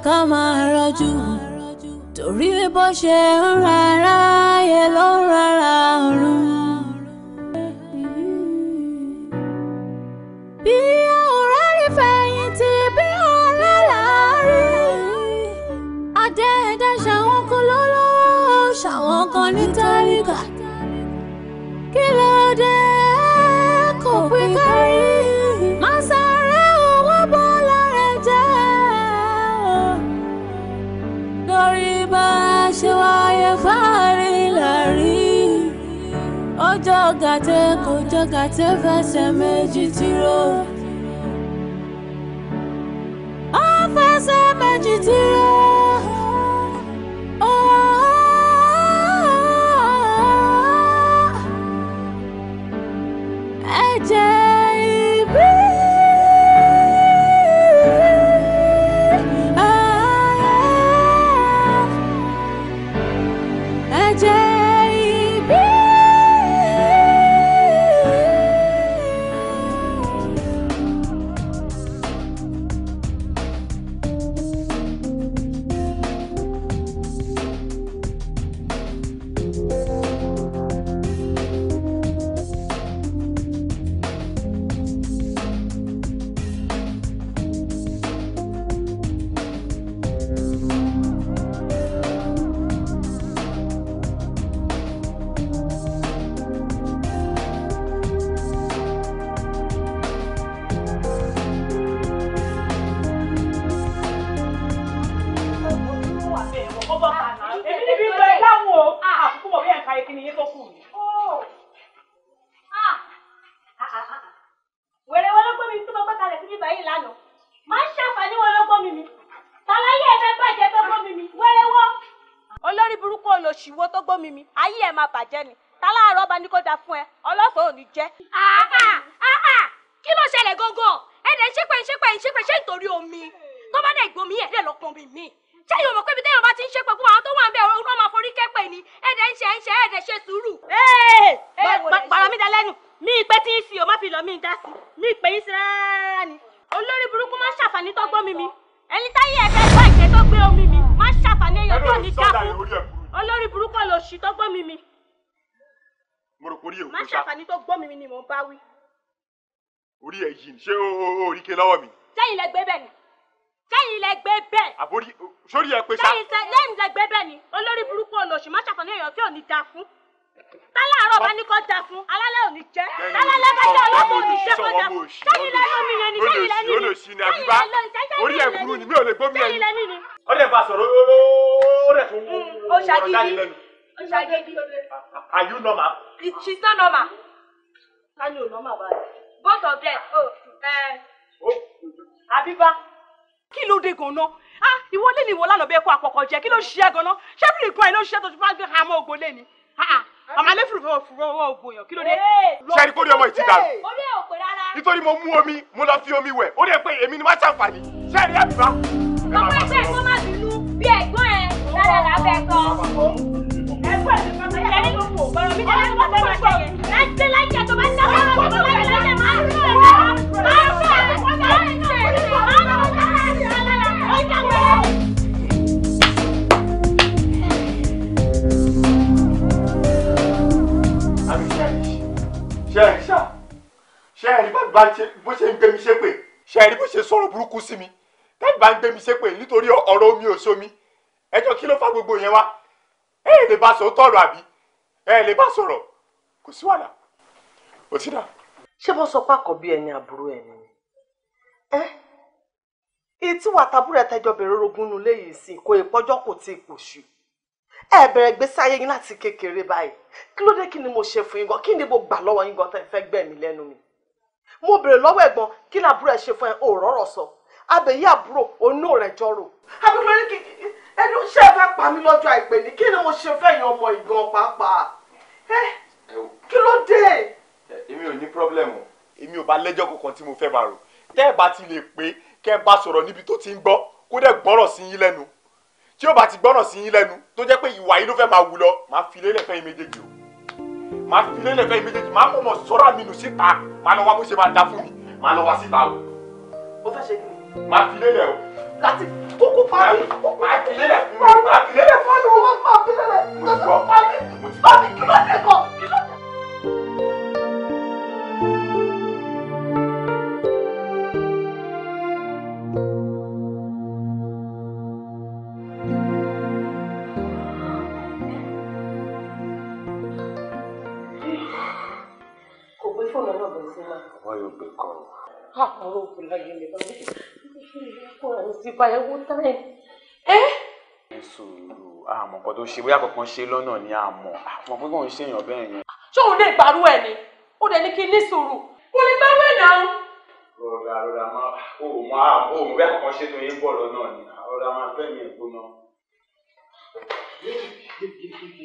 ká máa rọjú torí bó ṣe ń rárá. gàtẹ́ kò jọ gàtẹ́ fẹsẹ̀ méjì tìró. ó fẹsẹ̀ méjì tìró. fún mi mi ayé ẹ máa bàjẹ́ ni táláàárọ̀ bá ní kó da fún ẹ ọlọ́fọ̀ ò ní jẹ́. kí ló ṣẹlẹ̀ gógó ẹ̀dẹ̀ ń ṣépè ń ṣépè ṣé nítorí omi tó bá dẹ̀ gbomi ẹ̀ dẹ̀ lọ́kùnrin mi ṣé yóò mọ̀ pé ibi téèyàn bá ti ń ṣépè fún àwọn tó wà ń bẹ̀ ọ̀rọ̀ máa forí kẹ́pẹ́ ni ẹ̀dẹ̀ ń ṣe ń ṣe ẹ̀dẹ̀ ṣe sùúrù. bàrà mi da lẹ́nu mi ìpè tí ń fi ò má fi lọ mí dá sí mi ìpè yín sí rárá ni olórí burúkú má ṣàfàní tó gbọ́ mi mi ẹni táyé ẹ̀fẹ́ bàjẹ́ tó gbé omi mi má ṣàfàní ẹyọ tó ní dákú olórí burúkú lo, ṣì tó gbọ́ mi mi. mo rò pé orí èkó sá. má ṣàǹfààní tó gbọ́ mi mi ni mò ń bá wí. orí ẹ yìí ṣé orí ké lọ́wọ́ mi. sẹ́yìn lẹ gbé bẹ́ẹ̀ ni sẹ́yìn lẹ gbé bẹ́ẹ̀. àbórí sórí ẹ pé sá. sẹ́yìn lẹ gbé bẹ́ẹ̀ ni olórí burúkú ló ṣì má ṣàǹfààní èèyàn tí ò ní da fún tálàárọ̀ bá ní kọ́ jà fún alálẹ̀ òní jẹ́ tálálẹ̀ bá jẹ́ ọlọ́pàá òní jẹ́ kọ́ jà fún sẹ́yìn lẹ́nu yẹn ni sẹ́yìn lẹ́nu mi olùsí ni àbíbá orí ẹ̀ burú ni mi ò lè gbọ́ mi ó dẹ̀ bá sọ̀rọ̀ ó dẹ̀ tó wú ọ̀rọ̀ jáde lẹ́nu. ó ṣàgídí are you normal. she is not normal. sani o normal both of them o oh, eh, oh. àbíbá kí ló dé gan-an ah ìwọ lé ní ìwọ lánàá bẹ́ẹ̀ kó àpọ̀kọ̀ jẹ kí ló ṣiṣẹ́ gan-an ṣé bí nìkan ẹ̀ ló ṣiṣẹ́ tó ti fà gbé hamọ́ ògbó lé ni màmá lè fúrufú fúrufú ògùn èèyàn kí ló dé. sẹ́ni kó ní ọmọ ìtì dàrú. ó dé òpè rárá. nítorí mo mú omi mo lọ fi omi wẹ̀ ó dé pé èmi ni má ṣàǹfààní sẹ́ni ẹ̀ bá. ọmọ ẹgbẹ́ ẹ̀kọ́ má bínú bí ẹ̀gbọ́n ẹ̀ lára làbẹ̀ kan. ẹ̀gbọ́n ẹ̀ ṣe ẹ ṣá ṣe ẹ rí bàbá bó ṣe ń gbé mi ṣépè ṣe ẹ rí bó ṣe sọ̀rọ̀ burúkú sí mi tẹ́gbà ń gbé mi ṣépè nítorí ọ̀rọ̀ omi òṣomi ẹjọ́ kí ló fa gbogbo yẹn wá ẹ lè bá sọ tọ̀rọ̀ àbí ẹ lè bá sọ̀rọ̀ kò sí wàhálà kò sí dà. ṣé bó sọ pé àkọ́bí ẹni àbúrò ẹni ni ẹ èyí tí tẹjọ bẹ̀rẹ̀ orogún nulẹ̀ yìí sí kò ìpọ́jọ́ kò tí ì pòṣù ẹ bẹ̀rẹ̀ gbèsè ayé yín láti kékeré báyìí kí ló dé kí ni mo ṣe fún yín gan kí ni mo gbà lọ́wọ́ yín gan tẹ́ fẹ́ gbẹ̀mí lẹ́nu mi mo bèrè lọ́wọ́ ẹ̀gbọ́n kí ni àbúrò ẹ̀ ṣe fún ẹ ò rọ́rọ̀ sọ abèyí àbúrò onú rẹ̀ jọrò. àbúrò ní kí ẹni ó ṣe fẹ́ pa mí lọ́jọ́ àìpẹ́ ni kí ni mo ṣe fẹ́ yan ọmọ ìgan pàápàá ẹ kí ló dé. èmi ò ní pírọ́blẹ̀mù èmi ò bá lẹ́jọ́ kankan tí mo fẹ́ bá rò tẹ́ ẹ bá ti lè pé kẹ́ ẹ bá sọ̀rọ̀ níbi tó ti ń gbọ́ kó dẹ̀ gbọ́rọ̀ sí yín lẹ́nu tí ó bá ti gbọ́ràn sí yín lẹ́nu tó jẹ́ pé ìwà yín ló fẹ́ máa wù lọ máa fi lélẹ̀ fẹ́ yín méjèèjì o máa fi lélẹ̀ fẹ́ yín méjèèjì máa mọ̀mọ́ sọ́ra mi nù síta máa lọ wá bó ṣe máa da fún mi máa lọ wá síta o. ó fẹ́ ṣe kí ni. máa fi lélẹ̀ o. láti kókó parí. máa fi lélẹ̀ fún mi. máa fi lélẹ̀ fún mi. máa fi lélẹ̀ fún mi. mo ti gbọ́. mo ti gbọ́. ti bá ẹwọ tẹ́lẹ̀ ẹ́. sùúrù àmọ́ kan tó ṣe bóyá kankan ṣe lọ́nà ni àmọ́ àmọ́ pé kò ń ṣèyàn bẹ́ẹ̀ yẹn. ṣé òun lè gbàrú ẹ ni ó dẹ ní kí n ní sùúrù kò lè gbàrú ẹ náà. rọra rọra máa ó máa ó mú bẹ́ẹ̀ kankan ṣe tó yẹ bọ̀ lọ́nà ni rọra máa fẹ́ mi ìgbóná.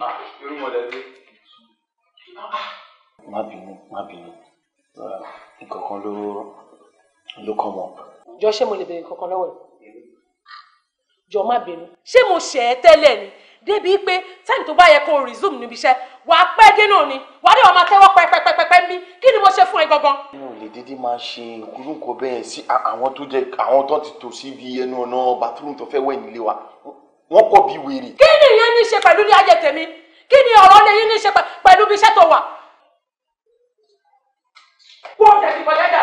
Ah, irú mọ̀lẹ́ dé. má bínú má bínú nǹkan kan ló ló kọ́ mọ́. jọ ṣé mo lè béèrè kankan lọ́wọ́ ẹ̀ jọ má bínú ṣé mo ṣẹ̀ ẹ́ tẹ́lẹ̀ ni débi pé táìmù tó bá yẹ kó resume níbi iṣẹ́ wàá pẹ́ dé náà ni wàá dé wàá máa tẹ́wọ́ pẹ́pẹ́pẹ́pẹ́ ń bí kí ni mo ṣe fún ẹ gangan. mi ò lè dídí máa ṣe irú nǹkan bẹ́ẹ̀ sí àwọn tó jẹ àwọn tó ti tò sí ibi ẹnu ọ̀nà bathroom tó fẹ́ wẹ̀ nílé wa wọ́n kọ̀ bí wèrè. kí ni ìyẹn ní í ṣe pẹ̀lú ní ayé tèmi kí ni ọ̀rọ̀ ní yín ní í ṣe pẹ̀lú ibi iṣẹ́ tó wà. wọ́n tẹ̀sí kọjá dà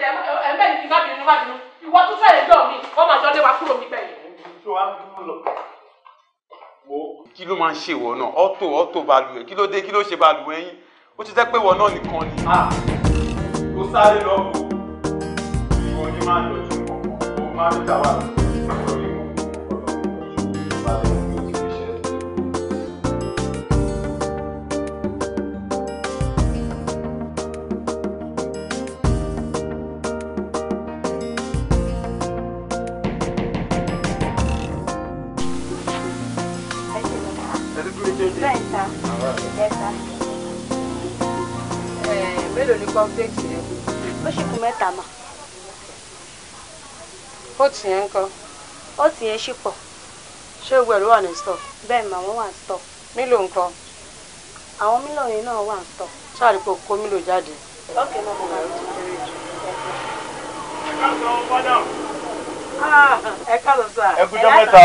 jẹ ẹ mẹ́rin kí n bá bínú bá bínú ìwọ tún fẹ́rẹ̀ dọ̀ mi wọ́n máa ló máa ń ṣe ìwọ náà ọ́tò ọ́tò balùwẹ̀ kí ló dé kí ló ṣe balùwẹ̀ yín ó ti jẹ́ pé ìwọ náà nìkan ni. Ah, ó sáré lọ́wọ́ ìwọ ni máa ń lọ ju ọmọ ọmọ máa ń dá wà lọ. déètì yẹn. ó sì kù mẹ́ta mà. ó tì yẹn ńkọ́. ó tì yẹn sì pọ̀. ṣé gbogbo ẹ̀ ló wà ní stọọ. bẹ́ẹ̀ mà wọ́n wà ní stọọ. mílò ńkọ́. àwọn mílò yẹn náà wà ní stọọ. ṣáà rí kó mílò jáde. lọ́kè náà mo máa ń tún kéré jù. ẹ̀ka ah, sọ fọ́dà. ẹ̀ka sọ sà. ẹ kújọ mẹ́ta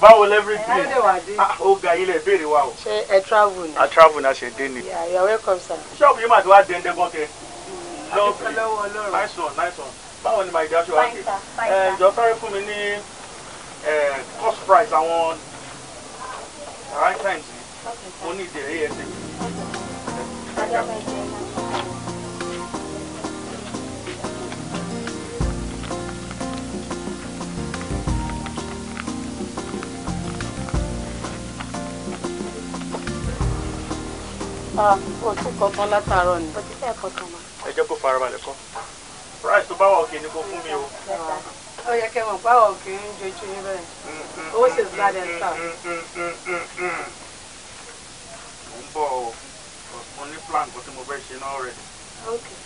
báwo lẹ́fìrìtì ah, ó ga ilẹ̀ ìbéèrè wa o. ṣé ẹ travel ni. a travel na ṣe dé ni. welcome sir. ṣọ́ọ̀bù yìí mà ti wá dẹ́ndẹ́gbọ́n kẹ lovely nice one nice one báwo ni my dear ṣe wá kí ẹ eh, jọ fẹ́rẹ́ fún mi ní eh, cost price àwọn right times yìí mo ní ìdèrè ẹsẹ̀. Ah, o tún kọ̀ọ̀kan látàárọ̀ ni. O ti fẹ́ kọ̀ọ̀kan mọ́ jẹ́ kó farabalẹ̀ kọ́ price tó bá wà òkè ni kò fún mi o. ó yẹ kí wọn bá wà òkè ń jojú yín bẹ́ẹ̀ owó sì bá dẹ̀ sá. mo ń bọ̀ o mo ní plan kan tí mo fẹ́ ṣe náà rẹ̀. okay.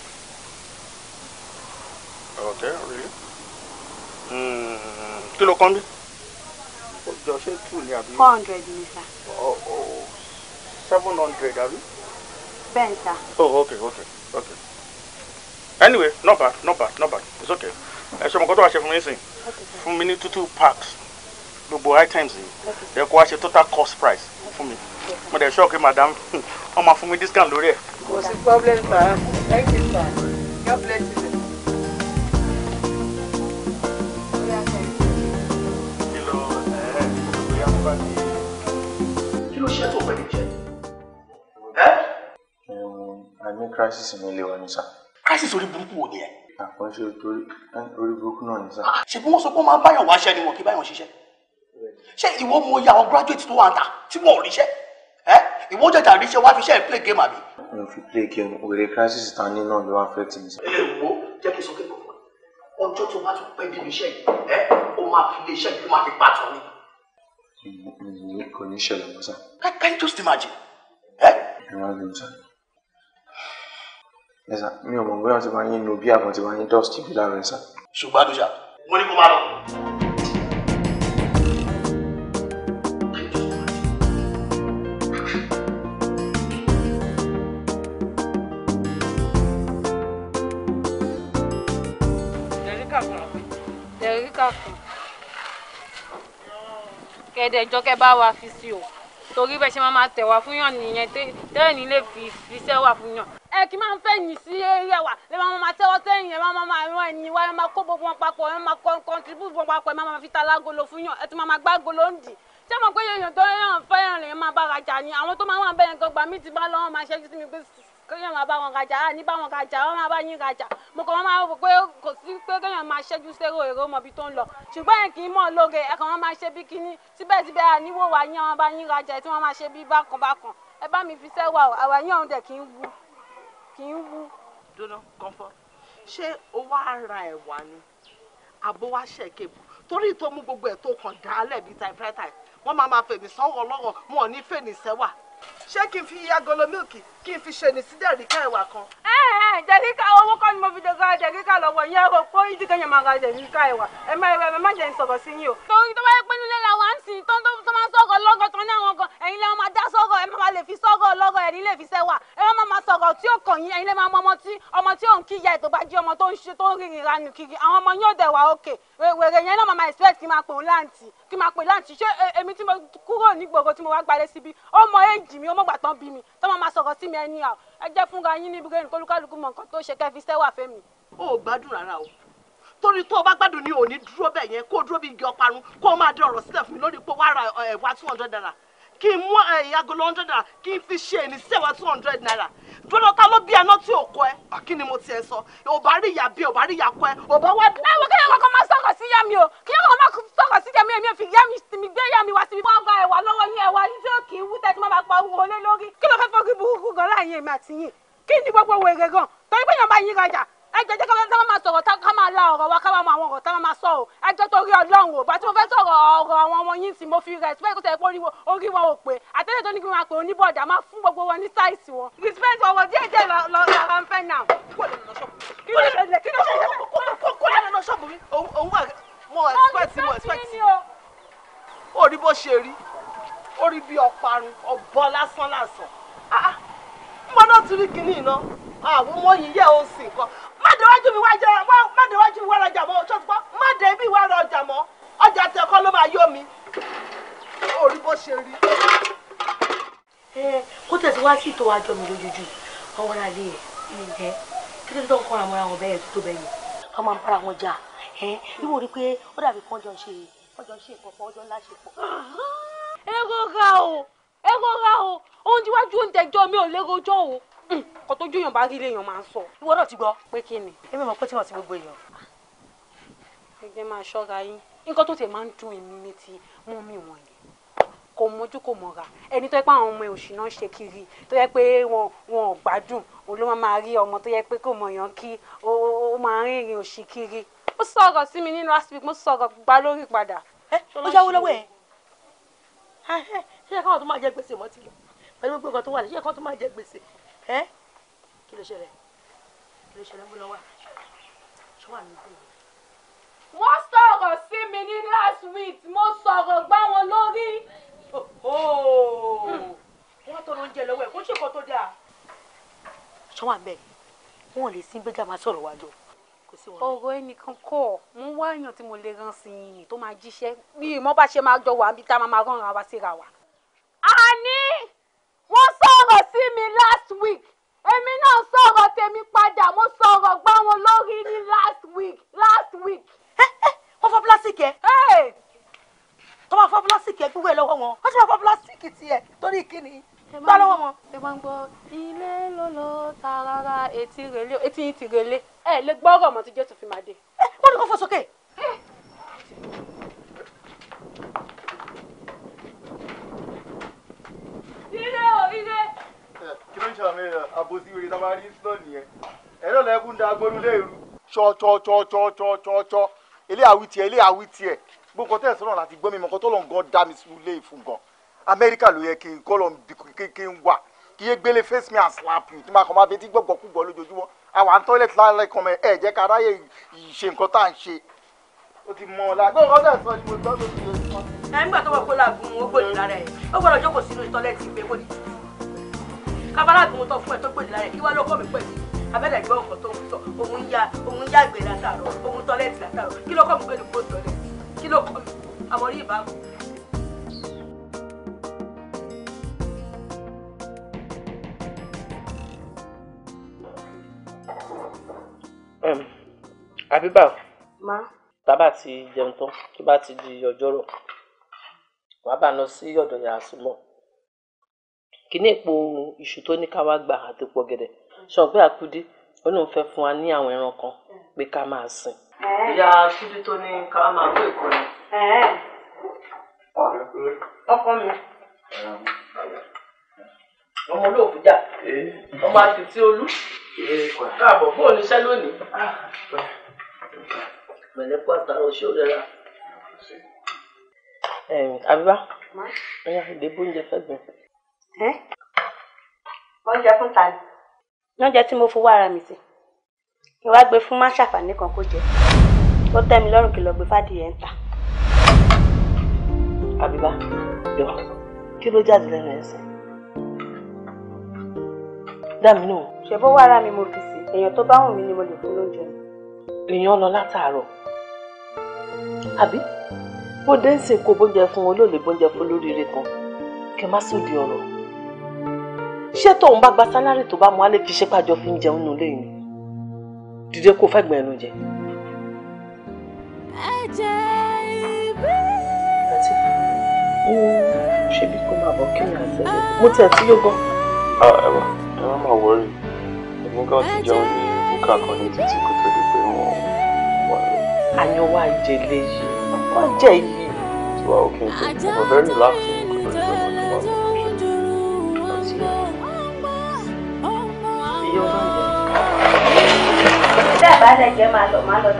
okay really? Hmm, kí ló kàn bí? ó jọ ṣé two ni àbí. four hundred ni sá. Oh, oh, seven hundred àbí. bẹ́ẹ̀ sá. oh okay okay okay anyway not bad not bad not bad it's okay ẹ ṣe mọ̀kọ́ tó wá ṣe fún mi sìn fún mi ní two two packs gbogbo items yìí ẹ kó wá ṣe total cost price fún mi mo dẹ̀ ṣọ́ọ̀kì madam wọ́n máa fún mi discount lórí ẹ̀. kò sí problem sir thank you sir God bless you. kí ló ṣe tó pẹ̀lú jẹ? ẹ. àmì crisis mi lè wà ní sáà crisis orí burúkú wo nìyẹn. àkànṣe torí orí burúkú náà ní sá. Ah, ṣèbí wọn sọ pé wọn máa ń báyọ̀ wá ṣẹ́ ni wọn kì í báyọ̀ ṣiṣẹ́ ṣé ìwọ mọ iye àwọn graduate tó wà ń ta tí wọn ò ríṣẹ́ ẹ ìwọ jẹjà ríṣẹ́ wá fi ṣe é play game àbí. mi ò fi play game wèrè crisis ta ní náà ló wá fẹ́ tì mí. ẹ wo jẹ́ kí n sọ pé ọjọ́ tó bá tún pẹ́ bí iṣẹ́ ẹ ó máa fi lè ṣẹ́ máa fi pàtó ni. kò ní ṣẹlẹ̀ mọ́sá. can you just imagine. ẹ má bínú sáré. Nesa, sà mi ò mọ̀ bóyá ti máa yín lo bí àbọ̀ ti máa yín dust bí lára ẹ sà. ṣùgbọ́n àdúrà mo ní kó máa lọ. kẹ̀dẹ̀jọ́ kẹ́ bá wa fi sí o torí bẹ́ẹ̀ ṣe máa máa tẹ̀ wá fún yàn nìyẹn tẹ́ẹ̀ ní lè fi fiṣẹ́ wà fún yàn ẹ kì í máa ń fẹ́ yìn sí eré wa lè máa máa tẹ́wọ́ sẹ́yìn ẹ máa máa ràn ẹ̀yìn wa ẹ máa kó gbogbo wọn papọ̀ ẹ máa contribute wọn papọ̀ ẹ máa máa fi ta lágolo fún yàn ẹ tún máa máa gbá golo ń dì ṣé mo pé èèyàn tó yàn fẹ́ yàn lè máa bá rajà ni àwọn tó máa wà bẹ́ẹ̀ gan gbà mí ti bá lọ́wọ́ máa ṣẹ́jú sí mi pé kéèyàn máa bá wọn rajà á ní bá wọn rajà wọn máa bá yín rajà mo kàn wọn máa rò pé kò sí pé kéèyàn máa ṣẹ́jú sérò èrò mọ̀bí tó ń lọ ṣùgbọ́n yẹn kì í mọ̀ lóore ẹ̀kan wọn máa ṣe bí kíní síbẹ̀síbẹ̀ àníwò wà yín àwọn bá yín rajà tí wọ́n máa ṣe bí bákan bákan ẹ bá mi fi sẹ́wà àwà yín ọ̀hún dẹ̀ kì í wu kì í wú dúró kọ́ńfọ́ ṣé o wá ra ẹ̀wà ni àbó wá ṣe kébù torí tó mú gbogbo ẹ̀ tó kàn dálẹ̀ bíi typewriter wọ́n máa máa fèmí sọ́wọ́ lọ́wọ́ wọn ní fèmí sẹ́wà ṣé kí n fi agolo mílìkì kí n fi ṣe ní sídẹ̀ríkà ẹ̀wà kan. ẹ ẹ jẹ̀ríkà owó kọ́ ni mo fi dogo jẹ̀ríkà lọ́wọ́ yẹn rò pé ìdí kẹ́yìn máa ra jẹ̀ríkà ìwà ẹ má ẹ má jẹ́ ń sọ̀rọ̀ sí yín o. torí tó bá yẹ pé nílé la wà ń sìn tó tó máa sọ̀rọ̀ lọ́gọ̀ tán ní àwọn kan ẹ̀yin lè máa dá sọ̀rọ̀ ẹ máa lè fi sọ̀rọ̀ lọ́gọ̀ ẹ̀yin lè fi sẹ́wà ẹ má máa sọ̀rọ̀ tí ó kàn yín ẹ̀yin lè máa mọ kí máa pè láǹtì ṣé èmi tí mo kúrò nígboro tí mo wá gbalẹ̀ síbi ó mọ éèjì mi ó mọ̀gbà tán bí mi tó máa sọ̀rọ̀ sí mi ẹni àwọn ẹ jẹ́ fúnra yín níbi kẹ́ni kólúkálukú mọ nǹkan tó ṣe kẹ́ fi sẹ́wà fẹ́mi. o ò gbádùn rárá o torí tó o bá gbádùn ni òní dúró bẹ́ẹ̀ yẹn kó o dúró bí igi ọparun kó o máa dé ọ̀rọ̀ sílẹ̀ fún mi lórí pé wàá ra ẹ̀wà two hundred naira kí n mú ẹ̀yà agolo hundred naira kí n fi ṣe èmi sí two hundred naira dúró ta ló bí ẹná tí ò kọ ẹ ah, kí ni mo tiẹ̀ sọ ò bá rí ìyá bí ò bá rí ìyá kọ ẹ ò bá wá. ẹ wo kíyàn kankan máa sọkọ sí yá mi o kíyàn kankan máa sọkọ sí yá mi èmi ò fi yá mi mi gbé yá mi wá síbi. wọn gba ẹwà lọ́wọ́ yín ẹwà yín tí ó kì í wú tẹ tí wọn bá pa owó lé lórí kí ló fẹ́ fọ́ọ́kì burúkú gan láàyè èmi àtìyìn kí ni gbogbo wèrè gan torí pé yàn bá yín ẹ jẹ́ jẹ́ ká máa máa sọ̀rọ̀ ká máa la ọ̀rọ̀ wa ká máa mọ àwọn ọ̀rọ̀ tá máa sọ o ẹ jẹ́ torí ọlọ́run o bàtí mo fẹ́ sọ̀rọ̀ ọ̀rọ̀ àwọn ọmọ yín tí mo fi respect kó tẹ̀ pé orí wọn ò pé àtẹ́lẹ̀ tó ní kí wọ́n pè oníbọ̀dà máa fún gbogbo wọn ní sáìsì wọn. respect ọwọ́ díẹ̀ díẹ̀ lọ lára ń fẹ́ náà. kí ló ṣẹlẹ̀ kó lè lọ ṣọ́ọ̀bù mi òun wà mo expect mo expect ó rí bó ṣe rí ó rí bí ọparun má dé wájú mi wájà má dé wájú mi wá rajà mọ́ ṣọ́ọ́ fún má dé bí wá rajà mọ́ ọjà tẹ̀kọ́ ló máa yọ mi orí bó ṣe rí. kó tẹ̀sí wá sí ìtò àjọ mi lójoojú àwọn o ẹ rọra o oúnjẹ jọ mi ò lérò o kó tó jóyàn bá rí léèyàn máa ń sọ. ìwọ náà ti gbọ́. pé kí ni. èmi mọ̀ pé tí wọ́n ti gbogbo èèyàn. gẹ́gẹ́ máa ṣọ́ra yín nǹkan tó tẹ̀ máa ń dùn èmi ní ti mú mi wọ̀nyí kò mójú kò mọ̀ra ẹni tó yẹ pé àwọn ọmọ òṣì náà ṣe kiri tó yẹ pé wọn wọn ò gbádùn òun ló máa rí ọmọ tó yẹ pé kò mọ̀yàn kí ó máa ń rìnrìn òṣì kiri mo sọ̀rọ̀ sí mi nínú last mo sọ̀rọ̀ gba lórí padà. ẹ ó jáwé lọ́wọ́ ẹ̀ ṣé ẹ̀ka wọn tó máa jẹ gbèsè mọ́ ti lọ pẹ̀lú gbogbo nǹkan tó wà lẹ́yìn ẹ̀ka wọn tó máa jẹ gbèsè ẹ kí ló ṣẹlẹ̀ kí ló ṣẹlẹ̀ múlọ wà ṣọ ní ìgbé wọ́n sọ̀rọ̀ sí mi ní last week mo sọ̀rọ̀ gbá wọn lórí. wọ́n tọrọ oúnjẹ lọ́wọ́ ẹ̀ kó ṣèkọ́ tó dáa. ṣọ́ wà bẹ́ẹ̀ wọn ò lè sí gbẹ́gà máa sọ̀rọ̀ wájú ọ̀rọ̀ ẹnìkan kọ́ mo ń wá èèyàn tí mo lè rán sí i tó máa jíṣẹ́ bí mo bá ṣe máa jọ wà níbi tá a máa rán ara wa síra wa. a ní sọ̀rọ̀ sí mi last week èmi náà sọ̀rọ̀ tèmi padà mo sọ̀rọ̀ gbá wọn lórí ní last week last week. wọ́n fọ́ pílásìkì ẹ̀ tó bá fọ́ pílásìkì ẹ̀ gbogbo ẹ̀ lọ́wọ́ wọn wọ́n ti máa fọ́ pílásìkì tiẹ̀ torí kíni gbá lọ́wọ́ wọn. ẹ máa ń gbọ́ ilé lólo tarara etí rèlé etí yìí ti rèlé ẹ lè gbọ́ ọ̀rọ̀ ọmọ tó jẹ́ fi máa dé. wọ́n ní kó fọ́ sókè. ṣàmì àbòsí rẹ̀ tábà rí sùn nìyẹn ẹ̀rọ lẹ́kùn da gbólúlé ìrú ṣọ̀ṣọ̀ṣọ̀ṣọ̀ṣọ̀ṣọ̀ ilé àwí tiẹ̀ ilé àwí tiẹ̀ gbogbo tẹ̀ sọ̀rọ̀ láti gbọ́ mi mọ̀ kó tó lọ́n gan dá mi sílé ìfún gan amẹ́ríkà ló yẹ kí n kọ́ lọ́n bí kéèké ń wà kí yé gbélé face me and slap you tí ma kàn máa fi etí gbọ̀gbọ̀ kú gbọ́ lójoojúmọ́ àwọn àtọ́lẹ̀tì lálẹ́ kan mẹ́ ẹ̀ jẹ́ ká ráyè ṣe nǹkan tá à ń ṣe ó ti mọ ọ̀la gbọ́dọ̀ ọ̀dọ̀ ẹ̀sọ́ ni mo gbọ́dọ̀ ti lè sọ. ẹ̀ ń gbà tó wọ̀ kó làgùn ó gbòdì lára ẹ̀ ó gbọ́dọ̀ jókòó sínú tọ́lẹ́tì pé kò kábàlà bí mo tọ́ fún ẹ tó gbèdè lára ẹ kí wá ló kọ́ mi pẹ̀lú abẹ́rẹ́ ìgbọ́ ọkọ̀ tó ń sọ òun ya òun ya ìgbẹ́ látàrọ òun tọ́lẹ́tì látàrọ kí ló kọ́ mi pẹ̀lú kó tọ́lẹ̀ kí ló kọ́ mi àmọ́rí ìbámu. àbíbà tábà ti jẹun tán tó bá ti di ọjọ́rọ̀ wàá bá lọ sí ọ̀dọ̀ yàrá súnmọ́ kíní èpo iṣu tó ní ká wá gbà àti pọ̀ gẹ̀dẹ̀ ṣọ̀gbé àkúdí ó lóun fẹ́ fún wa ní àwọn ẹran kan pé ká máa sìn. ìyá sídú tó ní ká máa kó èkó ni. ọkọ mi ọmọ olóòfújà ọmọ àtìtì olú káàbọ̀ fún oníṣẹ́ lónìí. Ah, pẹ̀lẹ́ pàtàkì ọ̀ṣẹ́ òrẹ́ra. àbíbá ìdìbò oúnjẹ fẹ́ gbìn ẹ wọ́n jẹ fún ta ni. lóúnjẹ tí mo fowó ara mi sí kí wàá gbé fún máṣàfàní kan kó jẹ tó tẹ́ mi lọ́rùn kí lọ gbé fàdìyẹ ń ta. àbíbá jọ kí ló jáde lẹ́nu ẹsẹ̀ dá mi náà. ṣèbó wá ara mi mo fi sí èèyàn tó bá wù mí ni mo lè fún lóúnjẹ. èèyàn lọ látàárọ̀ àbí bó dé ń sìnkú bóúnjẹ fún olóòlè bóúnjẹ fún lóríire kan kí n má sòdì ọ̀rọ̀ ṣé tóun bá gba sálárì tó bá mu á fi ṣe pàjọ fi ń jẹun nù lẹ́yìn dídé kó fẹ́ gbẹ̀rún jẹ. ẹ̀jẹ̀ ìbí. àti ó ṣe bí kó máa bọ̀ kí ni àti mo tiẹ̀ tí yóò gan. ẹ wá ẹ wá máa wọrí èmi gan ti jẹun ní búkà kan ní títí kó tó di pé mo wà ní. àyànwá ìjẹ̀lẹ̀ yìí wọ́n jẹ́ yìí. tí wàá ó kí n tó mo láti. baada que malo malo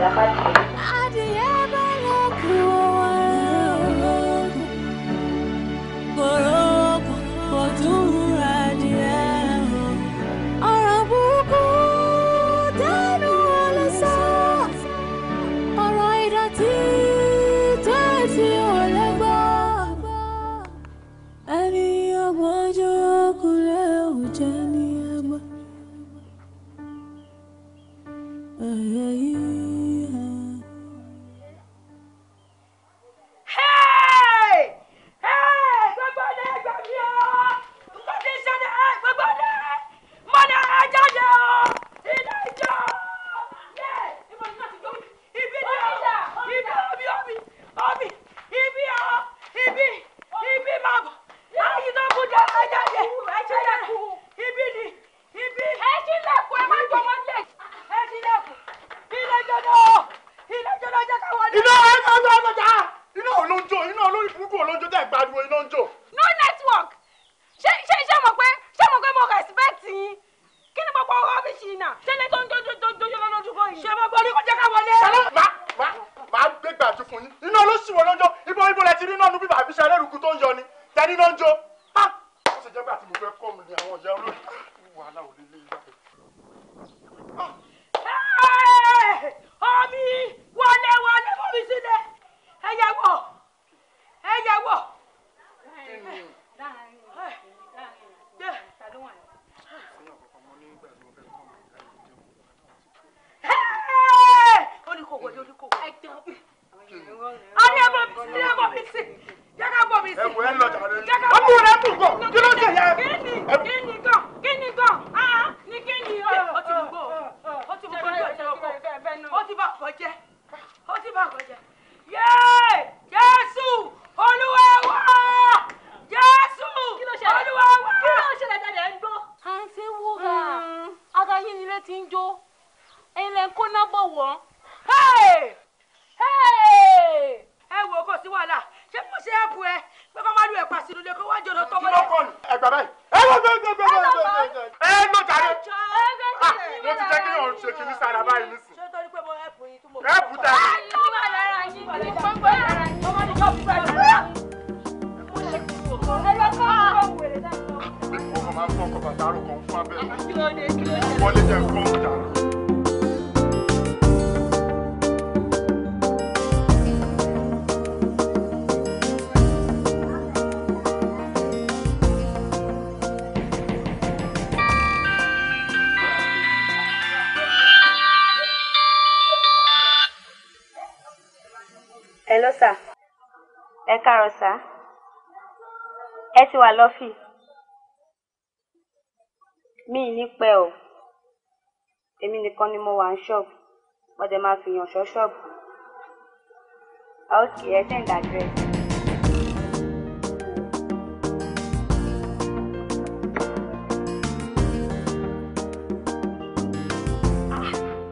wà lọ́fíìsì mi ní pẹ́ o èmi nìkan ni mo wà ní ṣọ́ọ̀bù wọ́n dẹ̀ máa fìyàn ṣọ́ ṣọ́ọ̀bù ok ẹ send address.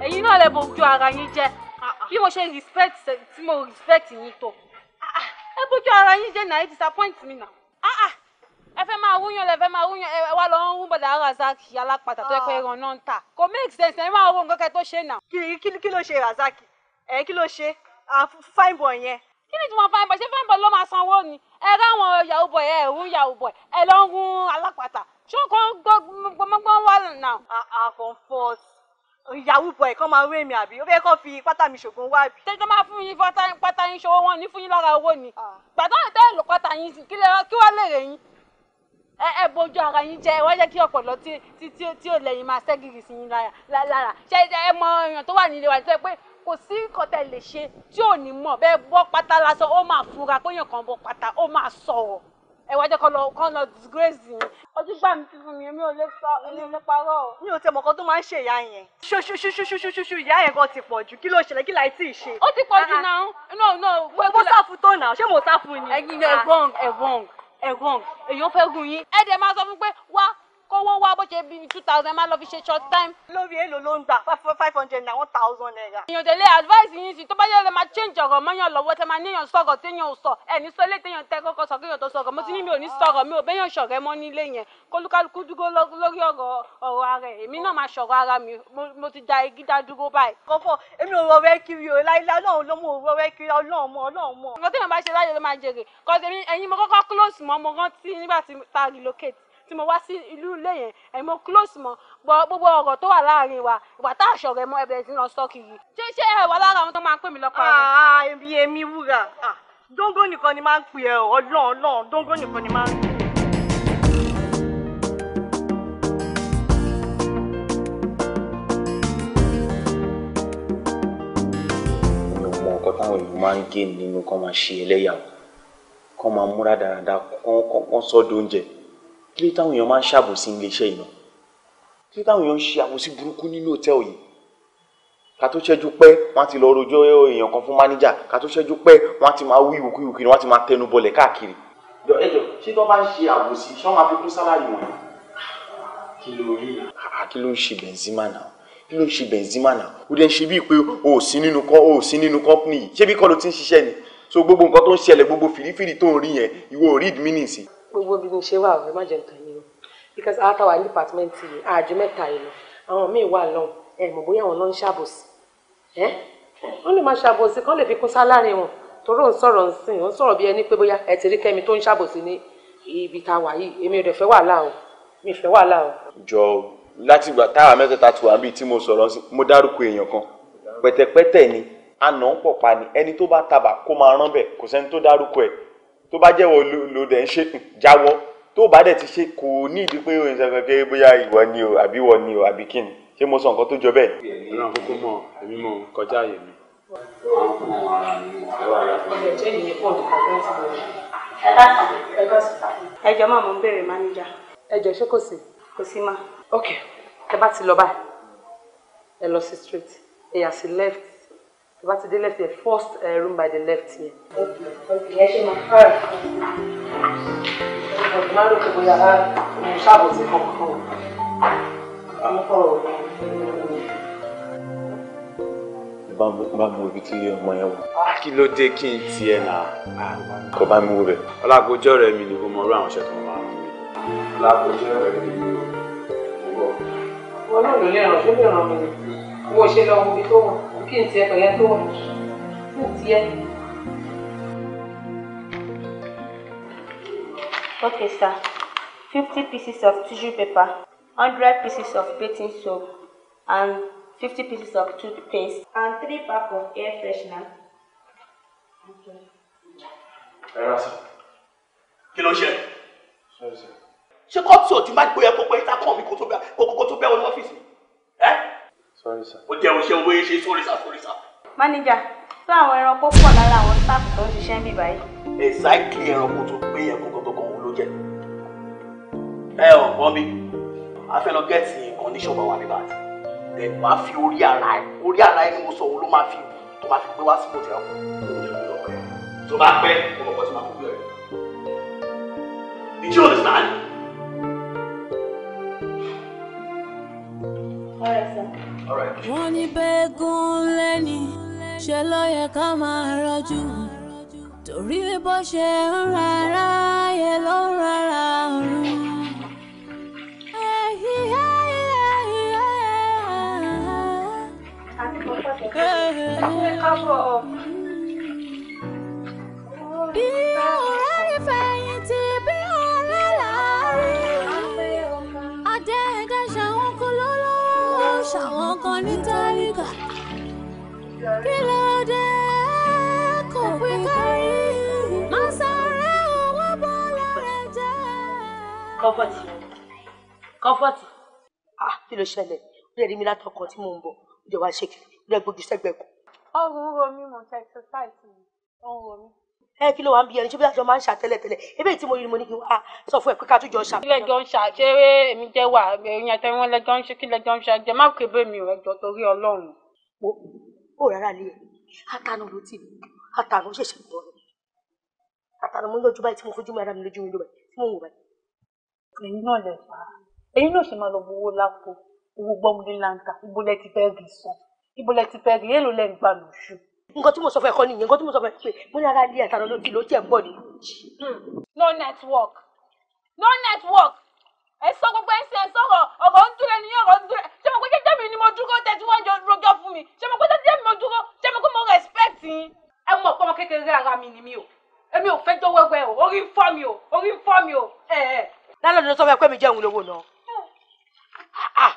ẹ̀yin náà lè bojú ara yín jẹ́ bí mo ṣe respect tí mo respect yín tó ẹ bojú ara yín jẹ́ náà ẹ disappoint mi náà ẹ fẹ́ máa wúyàn lẹ fẹ́ máa wúyàn ẹ wá lọ ń wú bọ̀dà razaki alápàtà tó yẹ pé ẹran ah. náà ń tà kò make sense ẹ máa wo nǹkan kẹ tó ṣe nà. kí ló ṣe razaki ẹ kí ló ṣe fine boy yẹn. kí ni ìtumọ̀ fine boy ṣé fine boy ló máa sanwó ni ẹ ráwọn yahoo boy ẹ ń yahoo boy ẹ lọ ń wú alápàtà ṣó kàn gbọmọgbọmọ wà nà. comfort yahoo boy kan máa wé mi àbí ó fẹ́ kó fi pátá mi ṣògùn wá bí. tẹ́jọ́ máa fún yín pátá yín ṣòwò wọn ní fún yín lára owó ni. Ah. gbàdúrà tẹ́ ẹ̀ lò pátá yín kí wọ́n lè rè yín ẹ ẹ bójú ara yín jẹ wọ́n jẹ́ kí ọ̀pọ̀lọ́ tí tí tí ò lẹ́yìn máa ṣẹ́gìrì sí yín lára ṣe ẹ mọ èèyàn tó wà nílé wa ṣe pé kò sí nǹkan tẹ̀ lè ṣe tí ò ní mọ̀ bẹ́ẹ̀ bọ́ pátá lásán ó máa fura pé èèyàn kan bọ́ pátá ó máa sọ̀rọ̀ ẹ wá jẹ́ kọ́ lọ kọ́ lọ disgrace yín. ojú gbà mí ti fún mi èmi ò lè sọ èmi ò lè parọ́. mi ò tẹ mọ̀kàn tó máa ń ṣe ìyá yẹn. ṣoṣoṣoṣoṣoṣo ìyá yẹn kan ti pọ̀ jù kí ló ṣẹlẹ̀ kí láì tí ì ṣe. ó ti pọ̀ jù náà. no no. mo sáfù tó náà ṣé mo sáfù ni. ẹ̀yin ẹ wrong ẹ wrong ẹ wrong èèyàn fẹ́ gùn yín ẹ dẹ̀ máa sọ fún pé wá kówó wá bó ṣe bí two thousand má lọ fi ṣe short time. lórí èlò ló ń gbà five hundred naira one thousand naira. èèyàn tẹ̀lé advice yín sí tó bá yẹ lè máa change ọ̀rọ̀ mọ́yàn lọ́wọ́ tẹ́ máa níyàn sọ̀rọ̀ téèyàn ò sọ ẹ̀ ní sọ́lé téèyàn tẹ́ kọ́kọ́ sọ kéèyàn tó sọ̀rọ̀ mo ti ní mi ò ní sọ̀rọ̀ mi ò bẹ́yàn ṣọ̀rẹ́ mọ́ nílé yẹn kólúkálukú dúró lórí ọ̀rọ̀ ara ẹ̀ èmi náà máa ṣọ̀rọ̀ ara mi mo ti da igi dá dúró báyìí. kọ́kọ́ èmi ò rọrẹ́ kiri o láíláí ọlọ́run ló mú o rọrẹ́ kiri ọlọ́run mọ́ ọlọ́run mọ́. nǹkan tí mo bá ṣe láyé ló máa jèrè kọ́sẹ̀ mi ẹ̀yin mo kọ́kọ́ close mọ́ mo rántí nígbà tí ta relocate tí mo wá sí ìlú ilé yẹn ẹ̀ mo close mọ́ gbogbo ọ̀rọ̀ tó wà láàrin wa ìwà tá àṣọ rẹ̀ mọ́ ẹ bẹ̀rẹ̀ sí lọ sọ kiri. ṣé ṣé ẹ wà lára àwọn tó máa ń pè mí lọ́pàá rẹ̀. èmi ah, èmi wúrà ah, dóńgó nìkan ni máa ń pè ẹ ọlọ́run ọlọ́run dóńgó nìkan ni máa ń táwọn èèyàn máa ń gé nínú kán máa ṣe ẹlẹ́yàwó kán máa múra dáadáa kán sọ́dọ̀ oúnjẹ kí ló táwọn èèyàn máa ń ṣàbòsí ilé iṣẹ́ iná kí ló táwọn èèyàn ń ṣe àbòsí burúkú nínú hòtẹ́ẹ̀lì yìí ká tó ṣẹ́jú pẹ́ wọ́n ti lọ rojọ́ èèyàn kan fún máníjà ká tó ṣẹ́jú pẹ́ wọ́n ti máa wí ìwòkúwò kiri wọ́n ti máa tẹnu bọlẹ̀ káàkiri. ẹjọ ẹjọ ṣé tó bá ń ṣe àbòsí ṣé wọn máa fi kún sálárì wọn. kí ló rí i. kí ló ń ṣe Benzema náà kí ló ń ṣe Benzema náà ó dẹ̀ ṣe bíi pé o ò sí nínú kọ́ o ò sí nínú kọ́pìnì yìí ṣé bí kọ́ ló ti ń ṣiṣẹ́ ni so gbogbo nǹkan tó ń ṣẹlẹ̀ gbogbo fìrífìrí tó ń rí yẹn ìwọ ò rí ìdí mínìsì gbogbo bí mo ṣe wà ọ̀rẹ́ má jẹ́ nǹkan yìí o because after our department yìí àjọ mẹ́ta yìí lọ àwọn míì wà lọ́hùn ẹ mọ̀ bóyá àwọn náà ń ṣàbòsí ẹ wọ́n lè máa ṣàbòsí kán lè fi kún sálárì wọn torí òun sọ̀rọ̀ ń sìn òun sọ̀rọ̀ bí ẹni pé bóyá ẹ ti rí kẹ́mi tó ń ṣàbòsí ní ibi tá a wà yìí èmi ò dẹ̀ fẹ́ wàhálà o mi fẹ́ wàhálà o. jọ látìgbà táwa mẹ́tẹ̀ẹ̀ta tó wà níbi tí mo sọ̀rọ̀ mo dárúkọ èèyàn kan pẹ̀tẹ̀pẹ̀tẹ̀ ni àná ń pọ̀ pa ni ẹni tó bá tabà kó máa rán bẹ̀ kò sẹ́ni tó dárúkọ ẹ̀ tó bá jẹ́wọ́ ló dẹ̀ ń ṣe jáwọ́ tó bá dẹ̀ ti ṣe kò ní ìdí pé òyìnbó sọ̀rọ̀ pé bóyá ìwọ ni o àbí ìwọ ni o àbí kí ni ṣé mo sọ nǹkan tó jọ bẹ́ẹ̀. ìran kúkú mọ èmi mọ kọjá àyè mi. ẹ jọ̀ọ́ máa mú bèrè mánéjà. ẹ jọ̀ọ́ ṣé kò sí. kò sí ma. ok ẹ bá ti lọ báyìí ẹ lọ sí straight ẹ yà sí left tó bá ti dé left here first uh, room by the left here. ọ̀gbìn ẹ ṣe máa fẹ́ràn ọ̀gbìn máa ń lòkè bóyá mo ṣàbòsí kankan amúkọ̀rọ̀ bá mú ibi tí ọmọ yẹn wà. Ah, kí ló dé kí n tiẹ̀ náà kò bá mi wú bẹ̀. rẹ̀ mi ni kò mọ irú àwọn ọ̀ṣẹ́ tó máa ń mi. ọlákojọ́ rẹ̀ mi ni kò mọ. wọn náà ló lè ràn ṣó lè ràn mí ni owó ṣe lọ ibi tó wọn kíyèsí ẹ̀ pẹ̀lẹ́ sir. Fifty pieces of tissue paper, hundred pieces of baking soap, and fifty pieces of toothpaste, and three pack of air freshener. Okay. Ẹ ra sọ. Kí ló ń ṣe? Ṣé kọ́tù òdì máa gbé ẹ kó go ìtakùn go to tó bẹ́ẹ̀ wọnú office. Eh? Sorry sir. Ó jẹ́ òṣèlú bóyá ṣe sorry sir sorry sir. Máníjà, sọ àwọn ẹranko pọ̀ lára àwọn sáàpù tó ń ṣiṣẹ́ ń bì báyìí. ẹranko tó gbé yẹn kókó tó kàn wọ́n ló jẹ. Ẹ ọ̀ gbọ́n mi, a fẹ́ lọ gẹ́ẹ̀tì condition bá wà nígbà tí. Ẹ máa fi orí ara ẹ̀, orí ara ẹ̀ ni mo sọ òun ló máa fi tó máa fi gbé wá sí mòtẹ́ ọkọ̀. Tó bá pẹ́, mo mọ̀ pọ̀ tí máa kú Did you understand? All right, wọ́n ní bẹ́ẹ̀gùn lẹ́ni ṣe ló yẹ ká máa rọ́jú torí bó ṣe ń rárá yẹ ló ń rárá ọ̀run. Bí ọ̀rá. ní tálíkà kí ló dé kò pé kárí má sáré owó bọ́ lára jẹ́. kọ́fọ́tì kọ́fọ́tì ah kí ló ṣẹlẹ̀ ó lè rí mi látọkàn tí mò ń bọ̀ ó lè wá ṣe kí ó lè mi mo ṣe exercise ọrùn ro mi ẹ kí ló wà ń bi ẹni ṣé bí àjọ máa ń ṣà tẹ́lẹ̀tẹ́lẹ̀ ebí tí mo rí ni mo ní kí wá sọ fún ẹ pé ká tún jọ ṣà. kí lẹjọ ń ṣà ṣé èmi jẹ wà ẹyin àti ẹwọn lẹjọ ń ṣe kí lẹjọ ń ṣà jẹ má pè bẹ́ẹ̀ mi ò ẹjọ torí Ọlọ́run. ó rárá lé àtànù ló ti àtànù ṣẹ̀ṣẹ̀ bọ̀ rẹ̀ àtànù mo ń lójú báyìí tí mo fojú mi ara mi lójú mi lójú báyìí tí mo ń wò báyìí. ẹ̀yin náà lè fà á náà ṣe máa lọ gbowó owó gbọ́mọdé nǹkan tí mo sọ fún ẹ̀kọ́ nìyẹn nǹkan tí mo sọ fún ẹ pé mo ní ara ilé ẹ̀ta lọ́dún ló tiẹ̀ ń bọ̀ ni. Hmm. no network no network ẹ sọ gbogbo ẹ ń sẹ sọ̀rọ̀ ọ̀rọ̀ ń dúró ẹni ọ̀rọ̀ ń dúró ṣé mo pé jẹjẹ mi ni mo dúró tẹtí wọn jọ rojọ́ fún mi ṣé mo pé jẹjẹ mi mo dúró ṣé mo pé mo respect yín. ẹ mọ̀ pé ọmọ kékeré ara mi ni mi o èmi ò fẹ́ jọ wẹ́wẹ́ o orí ń fọ́ mi o orí ń fọ́ mi o. lálẹ́ ló sọ fún ẹ pé mi jẹun lówó náà. Hmm. Ah,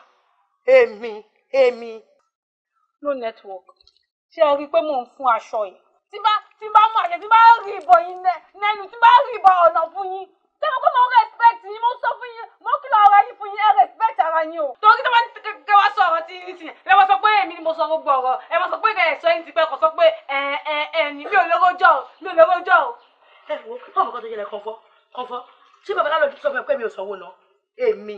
èmi èmi. no network ṣé ẹ rí i pé mò ń fún aṣọ yìí tí bá tí bá mú àṣẹ tí bá rí ìbọn yìí nẹnu tí bá rí ìbọn ọ̀nà fún yín ṣé mo pé mo respect yín mo sọ fún yín mo kìlọ̀ ara yín fún yín ẹ respect ara yín o. torí tó bá ní kẹ́kẹ́ wá sọ ọ̀rọ̀ tí yín ti yẹn ẹ máa sọ pé èmi ni mo sọ gbogbo ọ̀rọ̀ ẹ máa sọ pé ẹ sọ yín ti pẹ́ kọ́ sọ pé ẹ ẹ ẹ ní mi ò lówó jọ o mi ò lówó jọ o. ẹ wo báwo kan tó yẹ mi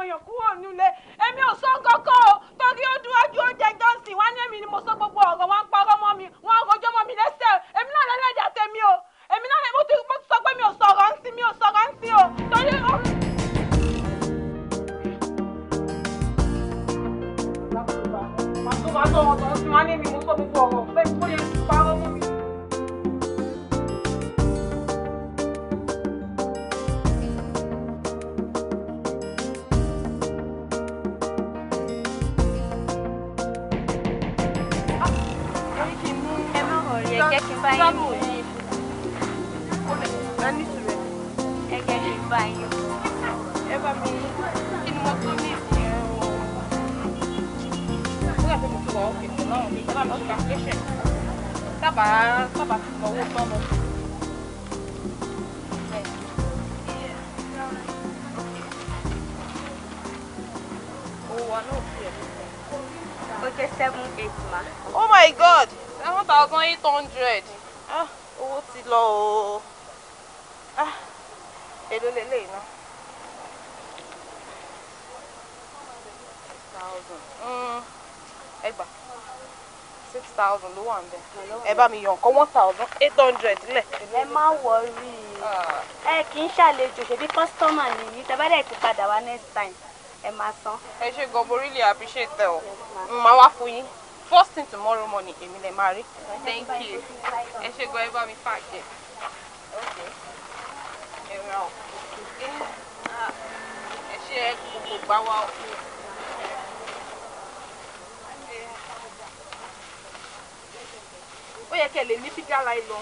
ọmọ yàn kúrò nílé èmi ò sọ kọ́kọ́ o torí ó dúrójú ó jẹ johnson wá ní èmi ni mo sọ gbogbo ọ̀rọ̀ wọn parọ́ mọ́ mi wọn rojọ́ mọ́ mi lẹ́sẹ̀ èmi náà lẹ́lẹ́jà tèmi o èmi náà mo ti sọ pé mi ò sọ̀rọ̀ ń sin mi ò sọ̀rọ̀ ń sin o torí ó. màtó màtó ọ̀tọ̀ ń sin wá ní èmi mo sọ gbogbo ọ̀rọ̀ pé kúrò. travel yìí ẹni sùrẹ̀ ẹgẹ́ Okay, seven, eight, ma. Oh my God! 1,800 lọ o ah èlò lélẹ̀ iná. ẹgbà six thousand ló wà ń bẹ ẹ bá mi yàn kọ́ one thousand eight hundred lẹ̀. ẹ má wọrí ẹ kì í ṣàlejò ṣèbí kọ́sítọ́mà nìyí tẹ́ bá dẹ̀ ti padà wá next time ẹ máa san. ẹ ṣe gan mo really appreciate ẹ o màá wá fún yín first thing tomorrow morning Emile lè thank you I should go ẹ bá mi fà jẹ. ẹ ra ọ ẹ ṣe gbogbo gbá wa ọ. ó yẹ kẹ́ lè ní bígá láì lọ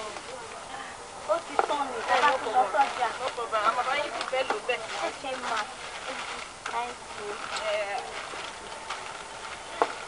ó ti tán mi ẹ bá ti lọ thank you.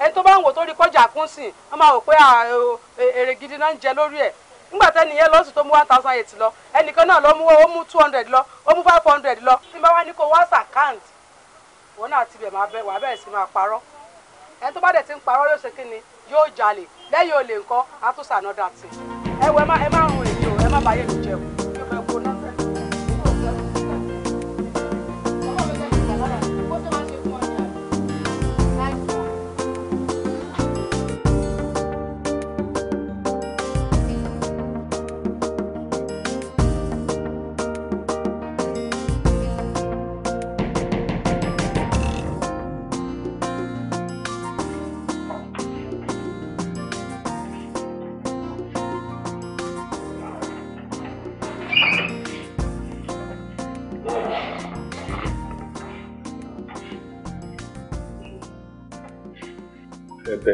ẹni tó bá ń wò tó rí kọjá kún sí i e, gidi náà ń jẹ lórí ẹ̀ nígbà tẹ́ni yẹn tó mú one thousand eight lọ ẹnìkan náà ló mú ó mú two hundred lọ ó mú five hundred lọ tí bá wá ní kó wá sàkáǹt òun náà ti bẹ̀ máa bẹ̀ wà bẹ̀rẹ̀ sí máa parọ́ ẹni tó bá dẹ̀ ti ń parọ́ yóò ṣe kí ni yóò jalè lẹ́yìn olè o ẹ má bàyè mi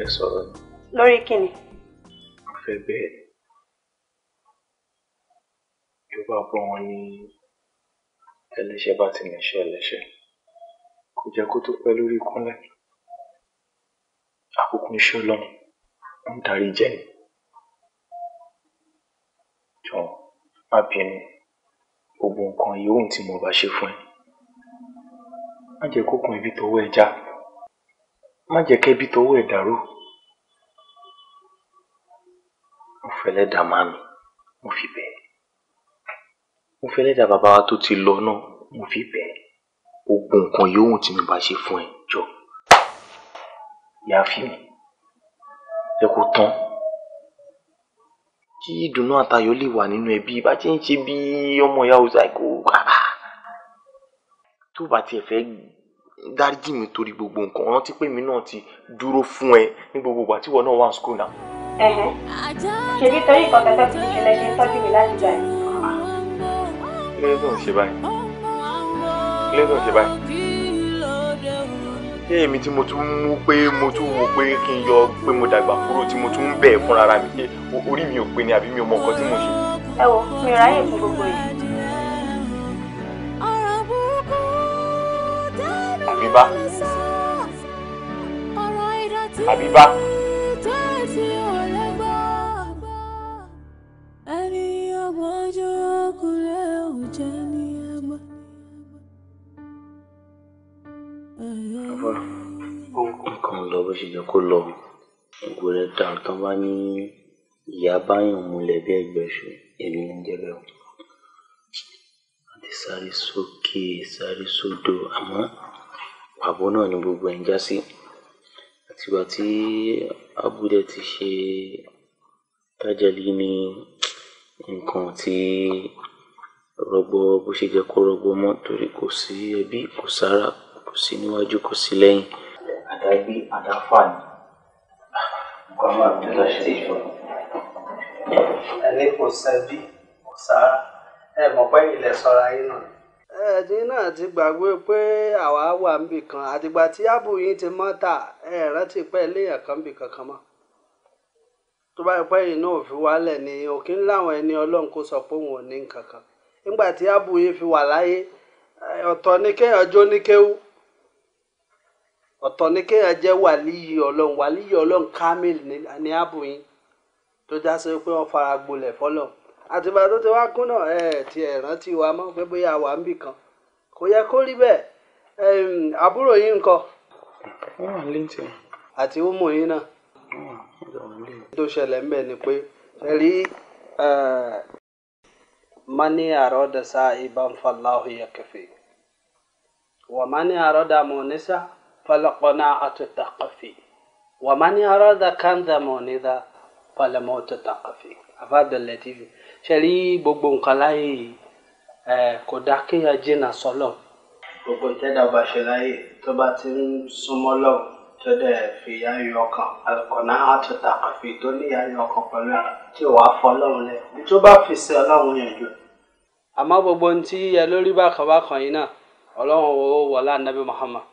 ẹ sọ̀rọ̀. lórí kíni. mo fẹ́ bẹ́ẹ̀ ni yorùbá bọ́ wọn ní ẹlẹ́ṣẹ̀ bá ti lẹ́ṣẹ̀ ẹlẹ́ṣẹ̀ kò jẹ́ kó tó pẹ́ lórí kúnlẹ̀ àkókò iṣẹ́ ọlọ́run ń darí jẹ́ ni jọ má bínú gbogbo nǹkan yòówù tí mo bá ṣe fún ẹ má jẹ́ kókun ibi tọwọ́ ẹ já má jẹ́ kẹ́bi tọwọ́ ẹ dàrú. mo fẹlẹ́dàá màmí mo fi bẹ̀ ẹ́ mo fẹlẹ́dàá bàbá wa tó ti lọ náà mo fi bẹ̀ ẹ́ ogun nǹkan yòówù tí mi bá ṣe fún ẹ jọ yááfì mi jẹ́ kó tán kí ìdùnnú àtayọ̀ lè wà nínú ẹbí bá ti ń ṣe bí ọmọ ìyá ọsà kò kàkà tó bá tiẹ̀ fẹ́ dáríjì mi torí gbogbo nǹkan rántí pé mi náà ti dúró fún ẹ ní gbogbo ìgbà tí ìwọ náà wà ní school náà ṣe nítorí nǹkan tẹ́tẹ́ tó ti ṣẹlẹ̀ ṣe ń tọ́jú mi láti gbà yìí. èmi tí mo tún mú pé mo tún wò pé kí n yọ pé mo dàgbà kúrò tí mo tún bẹ̀ fúnra ara mi pé orí mi ò pé ni àbí mi ò mọ nǹkan tí mo ṣe. ẹ wo mi ò ráyè fún gbogbo yìí. àbíbá àbíbá. bó ṣe yẹ kó lọ gbogbo rẹ̀ dàrú tán bá ní ìyá báyọ̀ múlẹ̀ bí ẹgbẹ̀ṣù èmi ń jẹ bẹ́ẹ̀ o àti sáré sókè sáré sódò àmọ́ pàbó náà ni gbogbo ẹ̀ ń já sí àtìgbà tí abúlé ti ṣe tájàlí ní nǹkan tí rọgbọ bó ṣe jẹ kó rọgbọ mọ torí kò sí ẹbí kò sára kò sí níwájú kò sí lẹ́yìn Sa'ibi Ada Afan. Muhammad Abdullah Sherifu. Ẹni kò sẹ́bí, kò sára, ẹ mọ̀ pé ilẹ̀ sọ̀rọ̀ ayé náà. Eh, Ẹ̀ẹ́dín náà ti gbàgbé pé àwa wà níbì kan àtìgbà tí ábù yín ti mọ́ ta ẹ rántí pé léèyàn kan bì kankan mọ́. Tó bá yẹ pé iná òfin wálẹ̀ ni òkín láwọn ẹni Ọlọ́run kó sọ pé òun ò ní nǹkan kan. Nígbà tí ábù yín fi wà láyé, ọ̀tọ̀ ni kéèyàn jó ní kéwú. ọ̀tọ̀ ni kéèyàn jẹ́ wàlíyì ọlọ́run wàlíyì ọlọ́run kamil ní abuyin tó já sí pé wọ́n fara gbolẹ̀ fọlọ́ àtìgbà tó ti wá kún náà ẹ ti ẹ̀ rántí wa mọ́ pé bóyá wà ń bì kan kò yẹ kó rí bẹ́ẹ̀ àbúrò yín ńkọ́. wọ́n wà létí. àti umu yín náà. tó ṣẹlẹ̀ ń bẹ̀ ni pé ẹ rí mani àròdà ibà ń fa láhùn yẹ kẹfẹ́ mani àròdà nísà. فلقناعة الثقفي ومن أراد كنز مونذا فلموت الثقفي àfàdà lẹ́tìfì ṣe rí gbogbo nǹkan láyé kò dá kéèyàn jìnnà sọ́lọ̀. gbogbo ìtẹ́dá ọba ṣe láyè tó bá ti ń súnmọ́ lọ́wọ́ tó dẹ̀ fi ayọ̀ ọkàn àkànná àtúntà àfi tó ní ayọ̀ ọkàn pẹ̀lú ẹ̀ tí wàá fọ́ ọlọ́run lẹ̀ bí tó bá fi ṣe ọlọ́run yẹn jù. àmọ́ gbogbo ohun tí ẹ lórí bákan bákan yìí náà ọlọ́run ò wọlé ànábì Muhammad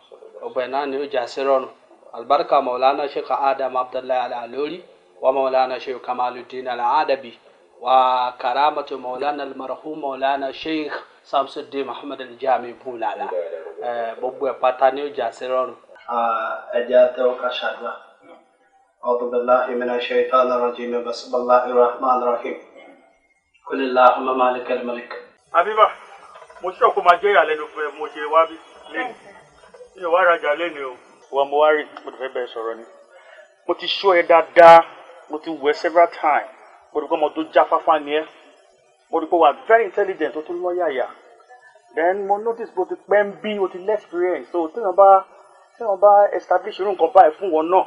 gbogbo ẹ̀ náà ni ó jà sí rọrùn albarka maulana sheikh adam abdullahi alalori wa maulana sheikh kamaluddin aladabi wa karamatu maulana almarhum maulana sheikh samsudin muhammad aljami bulala gbogbo ẹ̀ pátá ni ó jà ẹ jẹ́ tẹ́wọ́ ká ṣàdúrà. أعوذ بالله من الشيطان الرجيم بسم الله الرحمن الرحيم قل اللهم مالك الملك. àbíbà mo ṣọ́ọ̀kù máa على ìyàlẹ́nu fún ẹ mo mi ò wá rajà lẹ́nu o. wọ́n mo wá rí mo ti fẹ́ bẹ̀rẹ̀ sọ̀rọ̀ ni mo ti ṣó ẹ dáadáa mo ti wẹ̀ several times mo rí pé ọmọ tó jáfáfá ni ẹ mo rí pé wà very intelligent o tún lọ́yàyà then mo notice bó ti pẹ́ ń bí o ti less experience so téèyàn bá téèyàn bá establish irú nǹkan báyìí fún wọn náà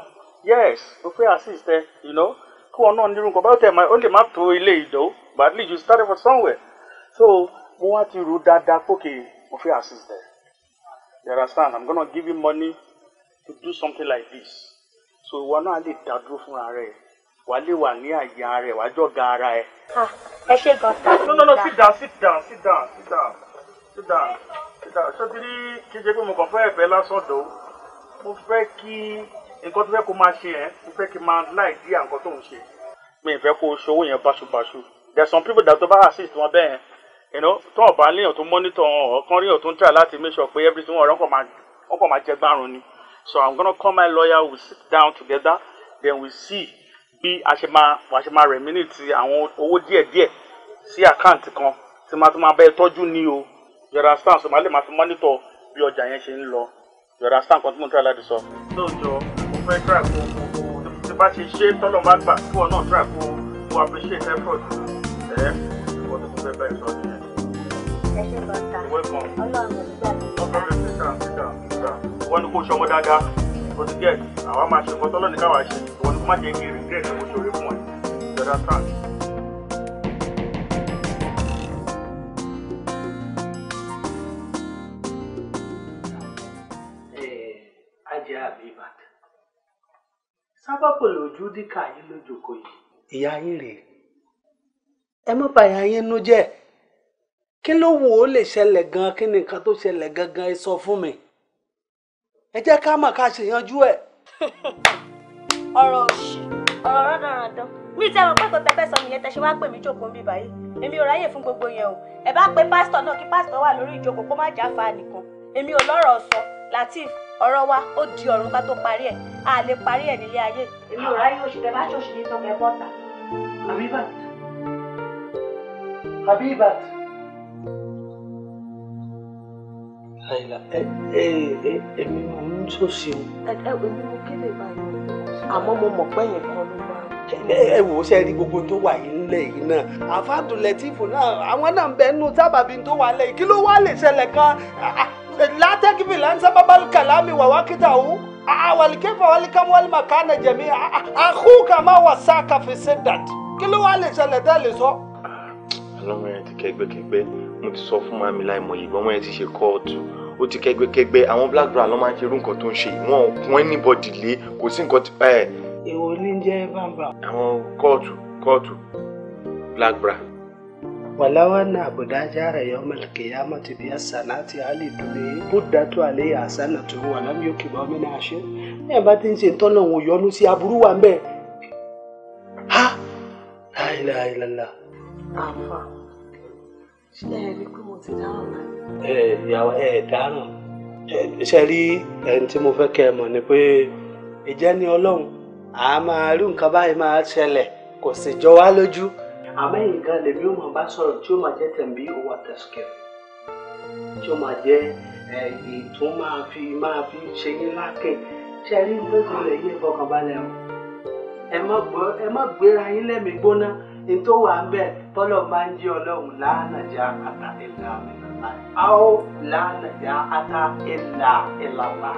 yes o fẹ́ assist ẹ you know kí wọn náà ní irú nǹkan báyìí tẹ̀ ó lè má tó ilé ìdó but at least you started from somewhere so mo wá ti rò dáadáa pókè mo fẹ́ assist ẹ you understand i'm gonna give you money to do something like this so ìwọ náà lè dá dúró fúnra rẹ wàá lè wà ní àyè ara ẹ wàá jọ ga ara ẹ. ẹ ṣe gan sa. no no no sit down sit down sit down sit down sit down sit down ṣé tírí kí n ṣe pé mo kàn fẹ́ ẹ̀fẹ́ lásán dò mo fẹ́ kí nǹkan tó fẹ́ kó máa ṣe ẹ̀ mo fẹ́ kí n máa láì dí à nǹkan tó ń ṣe. mi ì fẹ́ kó o ṣòwò yẹn báṣubàṣu there are some people that tó bá assist wọn bẹ́ẹ̀ you know tó ọba léèyàn tó mọ́nítọ̀ ọ̀kan ríyàn tó ń try láti make sure pé everything wọn kàn máa wọn kàn máa jẹ gbárùn ni so i'm gonna call my lawyer we we'll sit down together then we see bí a ṣe máa a ṣe máa remunite àwọn owó díẹ̀díẹ̀ sí àkáǹtì kan tí máa tún máa bẹ́ẹ̀ tọ́jú ní o you understand so máa lè máa fi mọ́nítọ̀ bí ọjà yẹn ṣe ń lọ you understand kan tí mo ń try láti sọ. lóòjọ́ mo fẹ́ try kó o ti bá ṣe ṣe tọ́lọ̀ bá gbà kí wọn náà try kó o appreciate effort ẹ̀ ọ́ tó tún fẹ́ bẹ́ẹ̀ sọ wọ́n ní kó ṣọmọ dáadáa ó ti gẹ̀ àwa máa ṣe nǹkan tọ́lọ́ ìyá yín rèé ẹ má bàyà yín nú jẹ́ kí ló wò ó lè ṣẹlẹ̀ gan kí ni nǹkan tó ṣẹlẹ̀ gangan ẹ sọ fún mi ẹ jẹ́ ká mọ̀ ká ṣèyanjú ẹ̀. ọ̀rọ̀ òṣì ọ̀rọ̀ rọ́dọ̀rọ̀dọ̀ ní ìtẹ́ àwọn pẹ́kọ̀ọ́ tẹ́fẹ́ sọ nìyẹn tẹ́ṣe wàá pè mí jókòó mi báyìí èmi ò ráyè fún gbogbo yẹn o ẹ bá pe pásítọ̀ náà kí pásítọ̀ wà lórí ìjókòó kó má já fa nìkan èmi ò lọ́rọ̀ sọ Latif ọ̀rọ̀ wa ó di ọ̀run ká tó parí ẹ̀ a lè parí ẹ̀ nílé ayé èmi ò ráyè oṣù tẹ́ bá ṣòṣì ní tọkẹ́ bọ́ta. Habibat Habibat. àyìnlá ẹ ẹ ẹ èmi mò ń sòsì o. ẹ ẹ èmi mo kéde báyìí àmọ́ mo mọ̀ pé yẹn kan ló máa. ẹ wò ó ṣe rí gbogbo tó wà yìí ńlẹ̀ yìí náà àfáàdùn lẹ́tífù náà àwọn náà ń bẹ nù sábàbí tó wà lẹ́yìn kí ló wá lè ṣẹlẹ̀ kan látẹ́kìbì lánsá bábálùkàlámì wàwá kíta o àwàlìkẹ́fà wàlìkàmù wàlìmàkánà jẹ̀mí àkúkà máa wà sáà kàfẹ́sẹ̀ dàt kí ló wá lè ṣẹlẹ̀ tẹ́ lè sọ. Ah, ọlọ́run ẹ ti kẹgbẹ́kẹgbẹ́ ni mo ti sọ fún mami láìmọye ìgbọ́n wọn ẹ ti ṣe kóòtù ó ti kẹgbẹ́kẹgbẹ́ àwọn black bra ló máa ń ṣe irú nǹkan tó ń ṣe wọn ò kún anybody lé kò sí nǹkan tí. èwo ní jẹ́ bàbà. àwọn kóòtù kóòtù black bra. ولون عبدا جار يوم القيامة بالصلاة على الدنيا بدت عليه حسنة ولم يكب من عشر ẹ bá ti ń ṣe tọ́nà òun yọnu sí aburú wa ń ha láìláìlá. àfa ṣé ẹ rí pé mo ti dáràn náà. ẹ ìyàwó ẹ dáràn ṣe rí ẹni tí mo fẹ́ kẹ́ ẹ mọ̀ ni pé ìjẹ́ ni ọlọ́run a máa rí nǹkan báyìí máa ṣẹlẹ̀ kò sì jọ wá lójú. àmọ́ nǹkan lèmi ò mọ̀ bá sọ̀rọ̀ tí ó máa jẹ́ tẹ̀m̀bí owó àtẹ̀sùkẹ́ tí ó máa jẹ́ èyí tó máa fi máa fi ṣe yín lákè ṣe rí nítorí ilẹ̀ yìí fọkànbalẹ̀ o ẹ má gbéra yín lẹ́mìí gbóná ní tó wà ń bẹ̀ tọ́lọ̀ máa ń jí ọlọ́run láànàjà àtà ìlà ìlàlá àó láànàjà àtà ìlà ìlàlá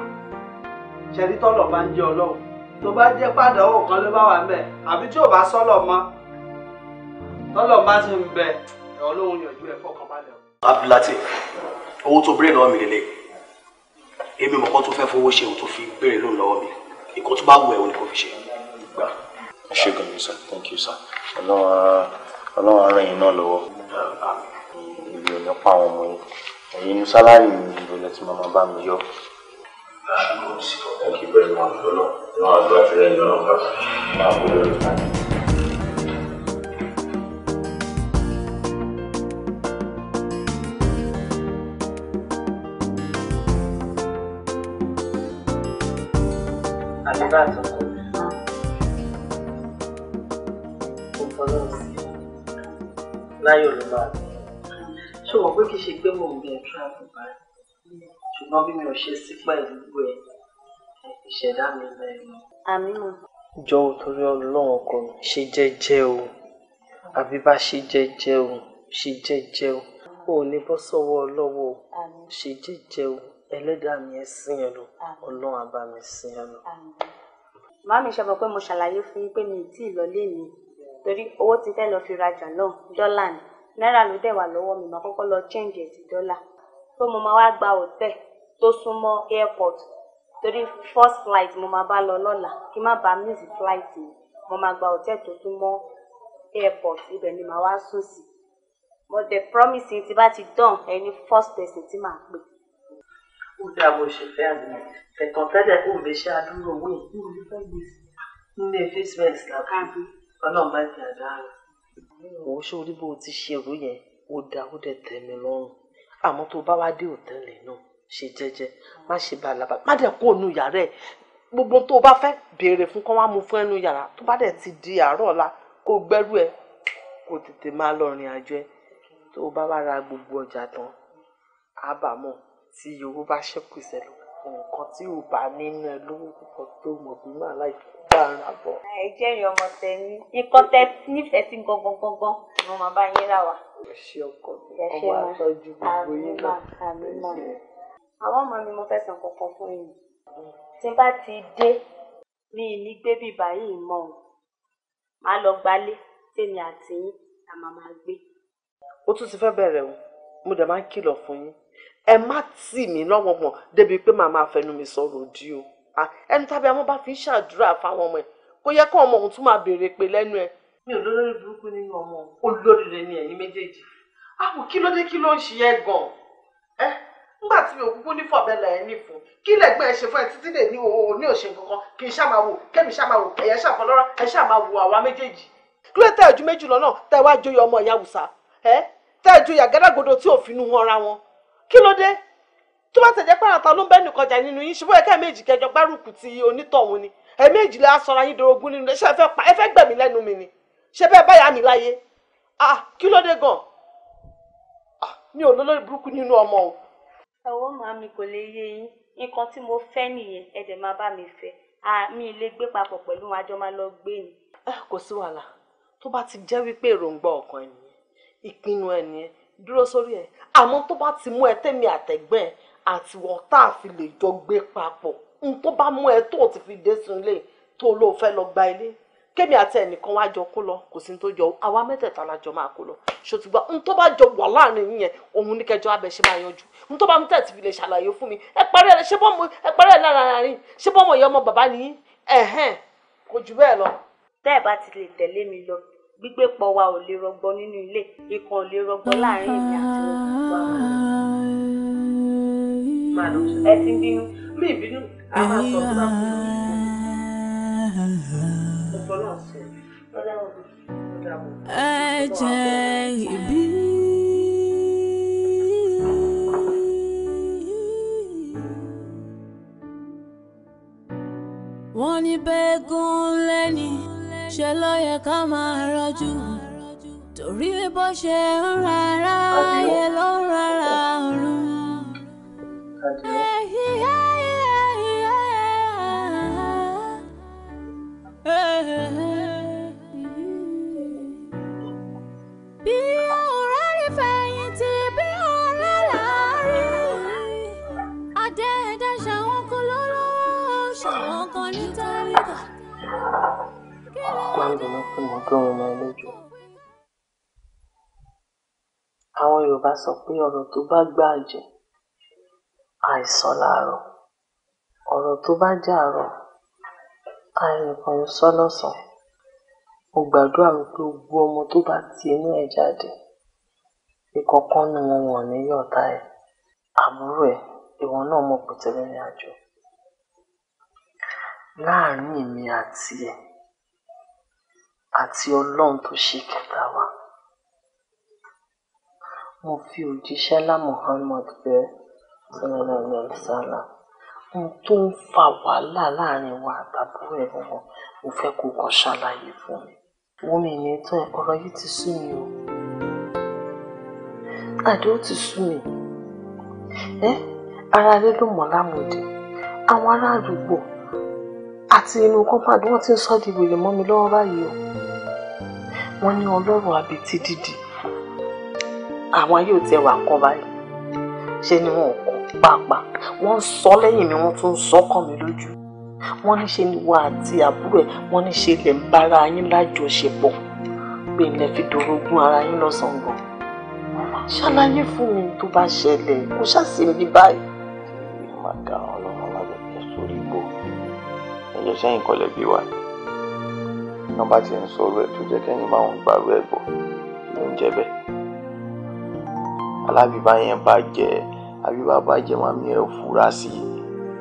ṣẹ̀rí tọ́lọ̀ máa ń jí ọlọ́run tó bá jẹ́ pàdánwò kan ló bá wà ń bẹ̀ àbí tí ò bá sọ́lọ̀ mọ́ tọ́lọ̀ bá ti ń bẹ̀ ọlọ́run yànjú ẹ̀ fọkànbalẹ̀. Abdulatif owó tó bèrè lọ́wọ́ mi lélẹ̀ èmi mọ̀kàn tó fẹ́ fowó ṣe òun tó fi bèrè lóun lọ́wọ́ mi ìkọ́ tó bá wù ẹ́ òun ni kò fi ṣe gbà ẹ ṣe thank you sir ọlọ́run ara yín náà lọ́wọ́ ìlú ò pa àwọn ọmọ yín ẹ̀yin sálárì mi ìlú ilẹ̀ tí bá mi yọ. thank you very much ọlọ́run náà àgbà láyọ̀ ló máa lọ ṣé wọ́n pé kì í ṣe pé mò ń bẹ travel bá ṣùgbọ́n bí mi ò ṣe sí pẹ̀lú ẹ̀ ìṣẹ̀dá mi bẹ̀rẹ̀. àmì mọ̀. jọ̀wọ́ torí ọlọ́run ọkọ mi ṣe jẹ́jẹ́ o àbí bá ṣe jẹ́jẹ́ o ṣe jẹ́jẹ́ o ò ní bọ́ sọ́wọ́ ọlọ́wọ́ o ṣe jẹ́jẹ́ o ẹlẹ́dàá mi ẹ̀ sìn ẹ̀ lọ ọlọ́run àbá mi sìn ẹ̀ lọ. màámi ṣe bọ̀ pé mo ṣàlàyé fún yín pé mi ì tí ì lọ lé mi torí owó ti fẹ́ lọ fi rajà náà dọ́là ni náírà ló dẹ̀ wà lọ́wọ́ mi màá kọ́kọ́ lọ change ẹ̀ sí dọ́là tó mo máa wá gba hòtẹ́ẹ̀ tó súnmọ́ airport torí first flight mo máa bá lọ lọ́la kí má bàa miss flight mi mo máa gba hòtẹ́ẹ̀ tó súnmọ́ airport ibẹ̀ ni màá wá sùn sí mo dẹ̀ promise ti bá ti dán ẹni first person tí màá pè ó dáa bó ṣe fẹ́ àná ẹ̀tàn tẹ́lẹ̀ kò ń bẹ ṣe àdúrà owó yìí kí n lè nílé facebook lákàtúntì ọlọ́run bá ti àdá rẹ̀. wò ó ṣé orí bó o ti ṣe èrú yẹn ó da ó dẹ̀ tẹ́ mi lọ́rùn tó bá wá dé òtẹ́ẹ̀lì náà ṣe jẹ́jẹ́ má ṣe bá alábà má dẹ̀ kó nu yàrá ẹ̀ gbogbo tó o bá fẹ́ béèrè fún kán wá mu fún ẹnu yàrá tó bá dẹ̀ ti di àárọ̀ ọ̀la kó o gbẹ́rù ẹ̀ kó o tètè máa lọ rìn àjò ẹ̀ tó o bá wá ra gbogbo ọjà tán àbàmọ̀ tí owó bá ṣẹ́kù nǹkan tí ò bá nínú ẹ lówó púpọ̀ tó mọ̀ bí màá láì bá ara bọ̀. ẹ jẹ́rìí ọmọ tẹ̀mí nǹkan tẹ nífẹ̀ẹ́ sí gangan gangan ni mo máa bá yín rà wá. ẹ ṣe ọkọ mi ọmọ àtọ́jú gbogbo yín náà. àwọn ọmọ mi mo fẹ́ san kankan fún yín tí bá ti dé mi ní gbé bíbá yìí mọ́ ọ màá lọ gbálé tèmi àti yín àmàmà gbé. ó tún ti fẹ́ bẹ̀rẹ̀ o mo dẹ̀ máa ń kìlọ̀ fún yín ẹ má tì mí lọ́wọ́ débi pé màmá fẹnu mi sọ̀rọ̀ di o ẹnu tàbí àwọn bá fi ń ṣàdúrà fáwọn ọmọ ẹ kó yẹ kó ọmọ òun tún máa béèrè pé lẹ́nu ẹ. mi ò lórí burúkú nínú ọmọ olóríire ni ẹ̀yin méjèèjì àpò kí ló dé kí ló ń ṣe ẹ gan ẹ nígbà tí mi ò kúkú ní fọ̀bẹ́lẹ̀ ẹ ní fún kí lẹ́gbẹ́ ẹ ṣe fún ẹ títí lè ní òun ò ní òṣè kankan kì í ṣàmà wò kẹ́mi ṣàmà wò ẹ̀yẹ ṣàfọlọ́rọ́ ẹ ṣàmà wò àwa méjèèjì. kí ló tẹ ojú méjì lọ náà tẹ wá jóyè ọmọ ìyá àwùsá ẹ tẹ ju yàgádàgodo tí òfin nu wọn ra wọn kí ló dé tó bá tẹ̀jẹ́ pé àtà ló ń bẹ́ nìkan jà nínú yín ṣùgbọ́n ẹ̀ka méjì kẹjọ gbárùkù ti onítọ̀hún ni ẹ̀ẹ̀mejì la sọra yín dorogún nínú ṣé ẹ fẹ́ gbẹ̀mí lẹ́nu mi ni ṣé bẹ́ẹ̀ báyà mi láyé ah kí ló dé gan mi ò lólórí burúkú nínú ọmọ o. ẹ̀wọ́n màá mi kò lè yé yín nǹkan tí mo fẹ́ nìyẹn ẹ dẹ̀ máa bá mi fẹ́ mi ì lè gbé papọ̀ pẹ̀lú wọn àjọ máa lọ gbé ni. Eh, kò sí wàhálà tó bá ti jẹ́ wípé èròǹgbà ọkàn ẹ̀ nìyẹn ìpinnu ẹ̀ nìyẹn dúró sórí ẹ̀ àmọ́ tó bá ti mú ẹ tẹ́mi àtẹ̀gbẹ́ ẹ àti wọ́n tá a fi lè jọ gbé papọ̀ n tó bá mú ẹ tó ti fi dé sun ilé tó ló fẹ́ lọ gba ilé kémi àti ẹnìkan wá jọ kó lọ kò sí ní tó jọ àwa mẹ́tẹ̀ẹ̀ta la jọ máa kó lọ ṣòtúgbà n tó bá jọ wà láàrin yín yẹn òun ní kẹjọ abẹ ṣe máa yanjú n tó bá mú tẹ̀ tí fi lè ṣàlàyé fún mi ẹ parí ẹ ṣé bọ́mọ ẹ parí ẹ lára rìn ṣé bọ́mọ ìyá ọmọ bàbá nìyí ẹ̀hẹ́n kò jù bẹ́ẹ̀ lọ. tẹ́ ẹ bá ti lè tẹ̀lé mi lọ gbígbé pọ̀ wa ò lè rọgbọ nínú ilé ikọ̀ ò lè rọgbọ láàrin èmi àti olùkọ́ ẹ ti bínú mí ìbínú a máa sọ fún wa ẹ jẹ́ ìbí. wọ́n ní bẹ́ẹ̀ gan-an ṣe ló yẹ ká máa rọ́jú torí bó ṣe ń rárá yẹ ló ń rárá ọ̀run. máa ń bínú pé mo gbóhùn mọ́ lójú. Àwọn Yorùbá sọ pé ọ̀rọ̀ tó bá gbà jẹ́ àìsọ làárọ̀. Ọ̀rọ̀ tó bá jẹ́ àárọ̀ àìrìnkàn sọ lọ́sàn. Mo gbàdúrà wípé gbogbo ọmọ tó bá ti inú ẹ̀ jáde ìkọ̀kan nu wọn wọ̀n ní yọ̀ọ̀tá ẹ̀ àbúrò ẹ̀ ìwọ náà mọ̀ pé ní àjọ láàárín èmi àti ẹ̀ àti ọlọ́run tó ṣe kẹta wa mo fi òjíṣẹ́ lá Muhammad bẹ́ sọ́nàlẹ́ ọ̀sálà ohun tó ń fa wàhálà láàrin wa àtàbúrò ẹ̀ wọn mo fẹ́ kó kàn ṣàlàyé fún mi wọ́n mi ní tán ọ̀rọ̀ yìí ti sú mi o àdé ó ti sú mi ẹ́ ara rẹ ló mọ̀ lámòdì àwọn ará àdúgbò àti inú compound wọ́n ti ń sọ di wèrè mọ́ mi lọ́wọ́ báyìí o wọ́n ní ọlọ́run àbètí dídì àwọn ayé ò tiẹ̀ wà kọ́ báyìí ṣé ni wọn ò kọ́ pàápàá wọ́n ń sọ lẹ́yìn mi wọ́n tún ń sọ kàn mí lójú wọ́n ní ṣe ni wọ́n àti àbúrò ẹ̀ wọ́n ní ṣe lè ń bára yín lájọṣepọ̀ pé ilẹ̀ fi dorogún ara yín lọ́sàn-án gan ṣàlàyé fún mi tó bá ṣẹlẹ̀ kó ṣàṣìmí báyìí. ìyá máa ga ọlọ́run alágbèbọ̀ sórí gbòòrò ọdún sẹ́yìn kọlẹ̀ bí wa iná bá ti ń sọ̀rọ̀ ẹ̀ tó jẹ́ kẹ́yìn máa ń gbàrú ẹ̀ bọ̀ ló ń jẹ́ bẹ́ẹ̀ alábìbá yẹn bá jẹ́ àbíbá bá jẹ́ màmí ẹ̀ fura sí i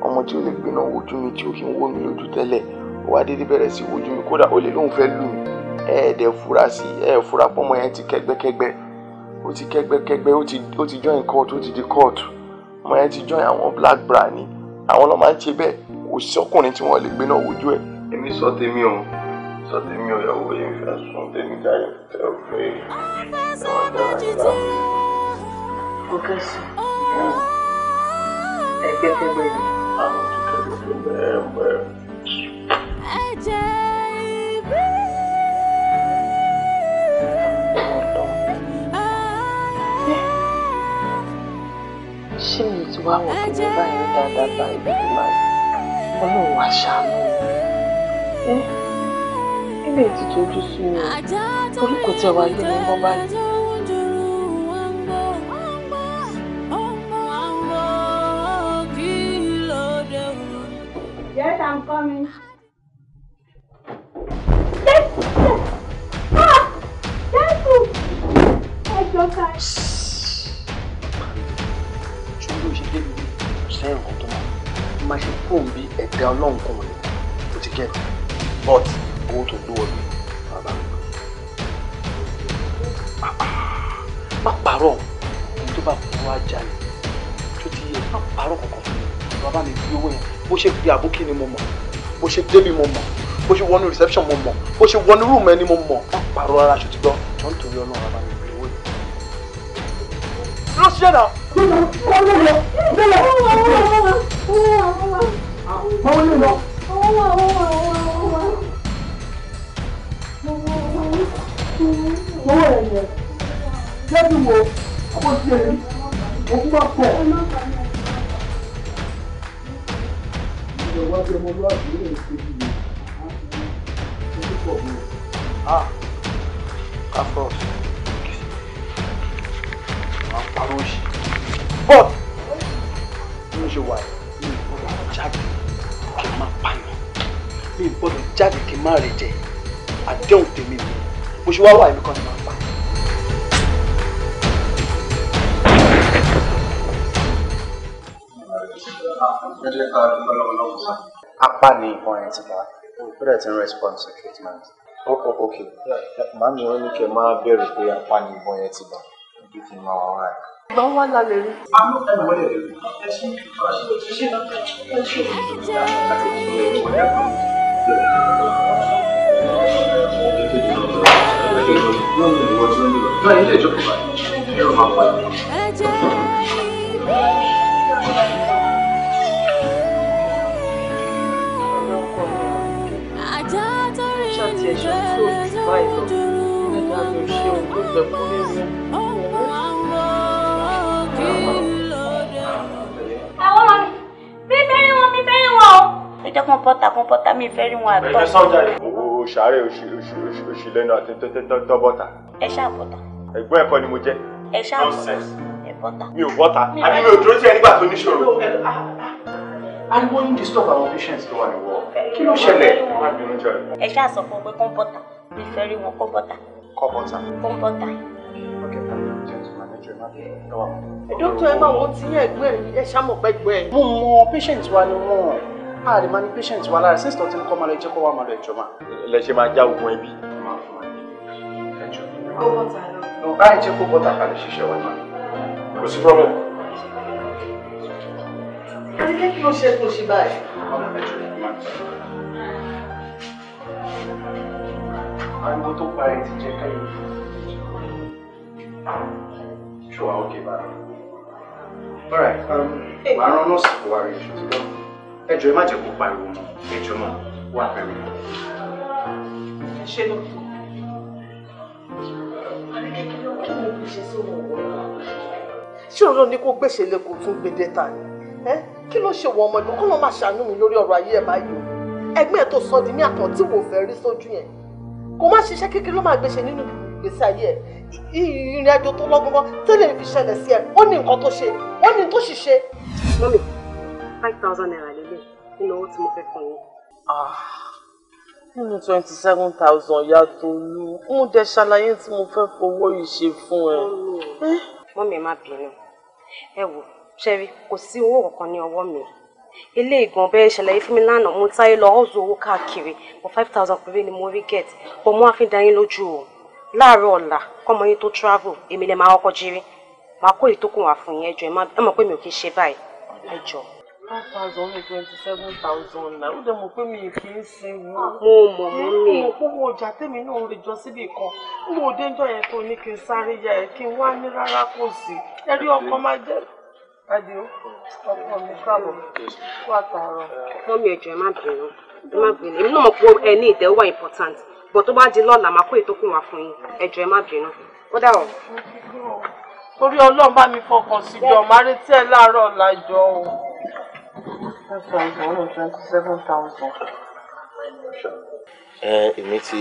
ọmọ tí ó lè gbiná wojú mi tí ó kì í wó mi lójú tẹ́lẹ̀ ó wá dédé bẹ̀rẹ̀ sí wojú mi kódà ó lè lóun fẹ́ lù mí ẹ̀ ẹ̀ dẹ̀ fura sí i ẹ̀ ẹ̀ fura pọ́nmọ yẹn ti kẹ́gbẹ́kẹ́gbẹ́ ó ti kẹ́gbẹ́kẹ́gbẹ́ ó ti join court ó ti di court ọmọ yẹn ti join àwọn black bra ni àwọn lọ́ọ́ máa ń ṣe bẹ́ẹ̀ kò sí ọkùnrin tí wọ́n lè gbé náà wojú ẹ̀. èmi sọ tèmi o sọ tèmi o ìyàwó yẹn fẹ́ sùn tèmi jáde tẹ ọ pé ìwọ̀n dára ìlà. kò kẹsì ẹgbẹkẹgbẹ ni. àwọn kẹsìkẹsì ẹ ẹ. ẹ ṣé mi ti wá wọ̀ pé dáadáa báyìí ló máa ń ọlọ́run wá ṣàánú mi ilé ti tójú sú mi orúkọ tí ọba yé mi mọ́ báyìí. Yes, I'm coming. reception mo mọ̀ bó ṣe wọnú rúùmù ẹni mo mọ̀ wọ́n pààrọ̀ ara aṣọ ti gbọ́ jọ nítorí ọlọ́run àbá mi ìwé owó yìí. ló ṣiṣẹ́ náà. owó ẹ̀ yẹ jẹ́bi wo àbọ̀ sí ẹni òkú máa pọ̀ ìjọba tí ọmọlúwàbí lè ṣe ìlú pọ̀ mi. ah afros máa ń parọ́ òṣì but bí mo ṣe wà mi ò gbọ́dọ̀ jáde kí n má pààyàn mi ò gbọ́dọ̀ jáde kí n má rẹ jẹ àdéhùn tèmi mi mo ṣe ni ìbọn yẹn ti bẹ́ẹ̀ tí ń response to treatment. ọkọ òkè màámi wọn ní kẹ máa bẹ̀rù pé apá ni ìbọn yẹn ti bà ojú kì í máa wà wáyé. ìgbà wọn wá lálẹ́ rí. àmọ́ ẹ̀ wọ́n yẹ̀ rí. ẹ ṣe é ṣe é ṣe é. Ẹ̀jẹ̀ ìlú. tiẹ̀ ṣe tí o jù báyìí lọ nígbà tó ṣe ohun tó fẹ́ fún mi mú. àwọn ọmọ mi mi fẹ́ rí wọn mi fẹ́ rí wọn o. ẹ jẹ́ kún pọ́tà kún pọ́tà mi fẹ́ rí wọn àtọ́. ẹ sọ́jà o ṣàárẹ̀ oṣù lẹ́nu àti tọ́ bọ́tà. ẹ ṣáà bọ́tà. ẹ̀gbọ́n ẹ̀kọ́ ni mo jẹ́. ẹ ṣáà bọ́tà. mi ò bọ́tà. àbí mi ò dúró sí ẹ nígbà tó níṣòro and wọ́n ń disturb àwọn patients tó wà ní wọ́ọ̀ kí ló ṣẹlẹ̀ má bínú jọ. ẹ ṣáà sọ fún un pé kọ́ńpọ́tà mi fẹ́ rí wọn kọ́ńpọ́tà. kọ́ńpọ́tà. kọ́ńpọ́tà. dókítà ẹ máa wọ́n ti yẹ ẹgbẹ́ ẹ ṣàmọ̀ pẹ́gbẹ́. mo mọ patients wa ni wọn a lè máa ní patients wa lára sísè tó ń kọ́ máa lọ jẹ́ kó wà máa lọ ẹ̀jọ̀ máa. ilẹ̀ ṣe máa já ogun ẹbí. kọ́ńpọ́tà lọ. báyìí jẹ́ kó bọ́tà ṣiṣẹ́ wa kò sí problem. Kẹ́kẹ́ kí ló ṣe kó ṣe báyìí? Ariwo tó parí ti jẹ́ kẹ́yìn. Ṣùwà òkè báyìí. Bọ́rẹ̀, màá rán nọ́ọ̀sì kó wá rí iṣu ti gbọ́. Ẹ jọ̀ọ́ ẹ má jẹ́ kó pariwo mọ́. Ẹ jọ̀ọ́ máa wà pẹ̀lú mi. Ṣé ló tó? Ṣé òun ló ní kó gbèsè lẹ́kọ̀ọ́ tún gbé dẹ́ta ni? Eh? kí ló ṣe wọ ọmọ ìlú kọ́ ló máa ṣàánú mi lórí ọ̀rọ̀ ayé ẹ̀ báyìí o ẹgbẹ́ ẹ̀ tó sọ di ní àtàn tí wò fẹ́ rí sójú yẹn kò má ṣiṣẹ́ kékeré ló máa gbéṣe nínú ìgbésí ayé ẹ̀ ìrìn àjò tó lọ́gbọ́n tẹ́lẹ̀ fi ṣẹlẹ̀ sí ẹ̀ ó ní nǹkan tó ṣe ó ní tó ṣiṣẹ́. mọ́mí five thousand naira lélẹ̀ nínú owó tí mo fẹ́ fún yín. Ah, nínú twenty seven thousand ìyá Tolú ń dẹ ṣàlàyé tí mo fẹ́ fowó yìí ṣe fún ẹ. Eh? mọ́mí ẹ má bínú ẹ wò ó ṣẹ́rí kò sí owó kankan ní ọwọ́ mi ilé ìgbọ̀n bẹ́ẹ̀ ṣàlàyé fún mi lánàá mo táyé lọ ọ̀zọ̀ owó káàkiri mo five thousand péré ni mo rí get bọ́ mo á fi dá yín lójú o láàárọ̀ ọ̀la kọ́mọ yín tó travel èmi lè máa kọ́kọ́ jírí màá kó ìtókùn wà fún yín ẹjọ́ ẹ mọ̀ pé mi ò kí ń ṣe báyìí ẹjọ́. five thousand twenty seven thousand náà ó dẹ̀ mọ̀ pé mi kì í sinmi. mo mọ̀ mọ́ mi. mo kó wo ọjà tèmi náà ń rejọ síbi kan n wo déjọ́ yẹn tó ní kí n sáré yá kí n wá ní rárá kò sí ẹ rí ọkọ máa jẹ́ adio ọkọ mi káàbọ̀ kó àtàrọ̀. mọ́mí ẹ̀jọ̀ ẹ má bínú ẹ má bínú èmi náà mọ̀ pé ẹ ní ìtẹ́wọ́ important bọ̀ tó bá di lọ́la màá kó ètò kùn wá fún yín ẹ̀jọ̀ ẹ má bínú ó dà ọ́. torí ọlọ́run bá mi fọkàn sí jọ máa retí ẹ láàárọ̀ ọ̀la o. five èmi ti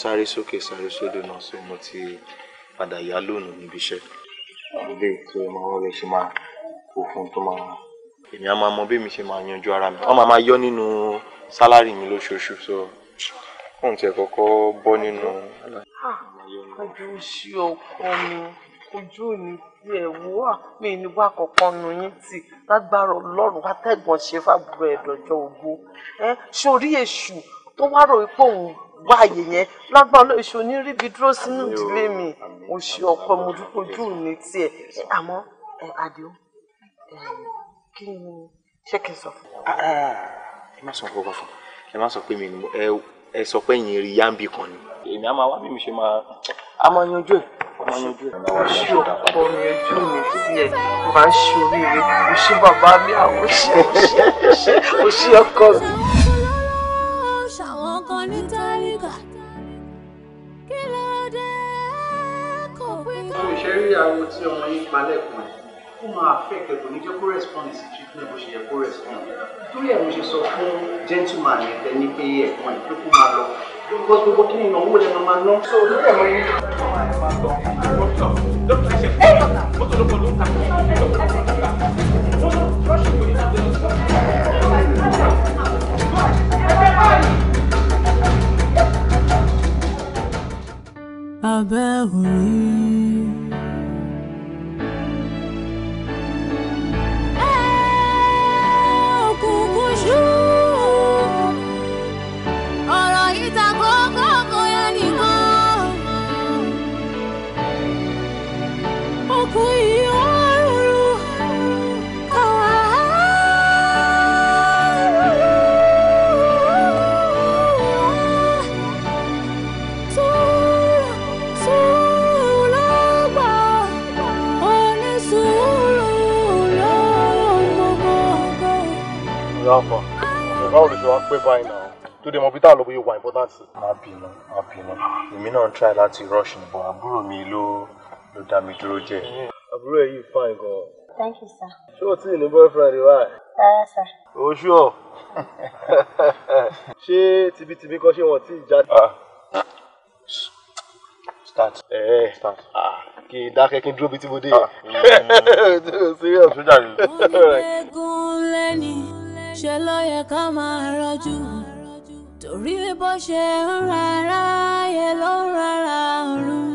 sáré sókè sáré sódò náà so mo ti padà yá lónìí níbi iṣẹ́ ilé tí mo máa ń lè ṣe máa kó fún tó máa èmi á máa mọ bí mi ṣe máa yanjú ara mi wọ́n máa máa yọ nínú sálárì mi lóṣooṣù so fóun tiẹ̀ kọ́kọ́ bọ́ nínú. ojú sí ọkọ mi ojú mi tiẹ̀ wá mi ní wá kankan nu yín tì lágbára ọlọ́run wá tẹ̀gbọ́n ṣe fàbúrò ẹ̀dọ̀jọ́ ògbó ẹ ṣorí èṣù tó wá rò wípé òun wá àyè yẹn lágbára náà èso dúró sínú ìdílé mi mo ọkọ mo dúpọ̀ ojú mi tiẹ̀ àmọ́ àdéhùn kí ni ṣé kí n sọ fún. Ah, ah, ah, ẹ má sọ nǹkan fún ẹ má sọ pé mi ẹ sọ pé yín rí yáǹbì kan ni. èmi á máa wá bí mi ṣe máa a máa yanjú ẹ ṣí ọkọ mi ojú mi sí máa ń ṣoríire mo bàbá mi àwọn ṣe ọkọ mi. eré ariwo tí ọmọ yín pa lẹ́kùn ẹ̀ ó máa affect kò ní jẹ́ kó respond sí treatment bó ṣe yẹ kó respond torí ẹ̀ mo ṣe sọ fún gentleman yẹn ní pé ẹ̀kọ́ ẹ̀ pé kó máa lọ gbogbo gbogbo kí ni ìnáwó lẹ́nu máa ná so ló pọ̀ ló ń abẹ́ òrí. Alpha. Báwo ló ṣe wá pẹ́ báyìí náà? Tó dé mọ bí important. Má bínú, má bínú. Èmi náà ń try láti rush ni, but àbúrò mi ló ló dá mi dúró jẹ. Àbúrò ẹ̀ fine gan. Thank you, sir. Ṣé o tí ì ní boyfriend wa? Rárá, sir. Oh, sure. Ṣé tibi kan ṣé wọ́n tí ì jáde? Ah. Start. Ẹ eh, eh, start. Ah, Kì í dákẹ́ kí n dúró bí tí mo dé. Ah. Serious. Ṣé o jáde? Gúnlẹ́gùn lẹ́ni ṣe ló yẹ ká máa rọ́jú torí bó ṣe ń rárá yẹ ló ń rárá ọ̀run.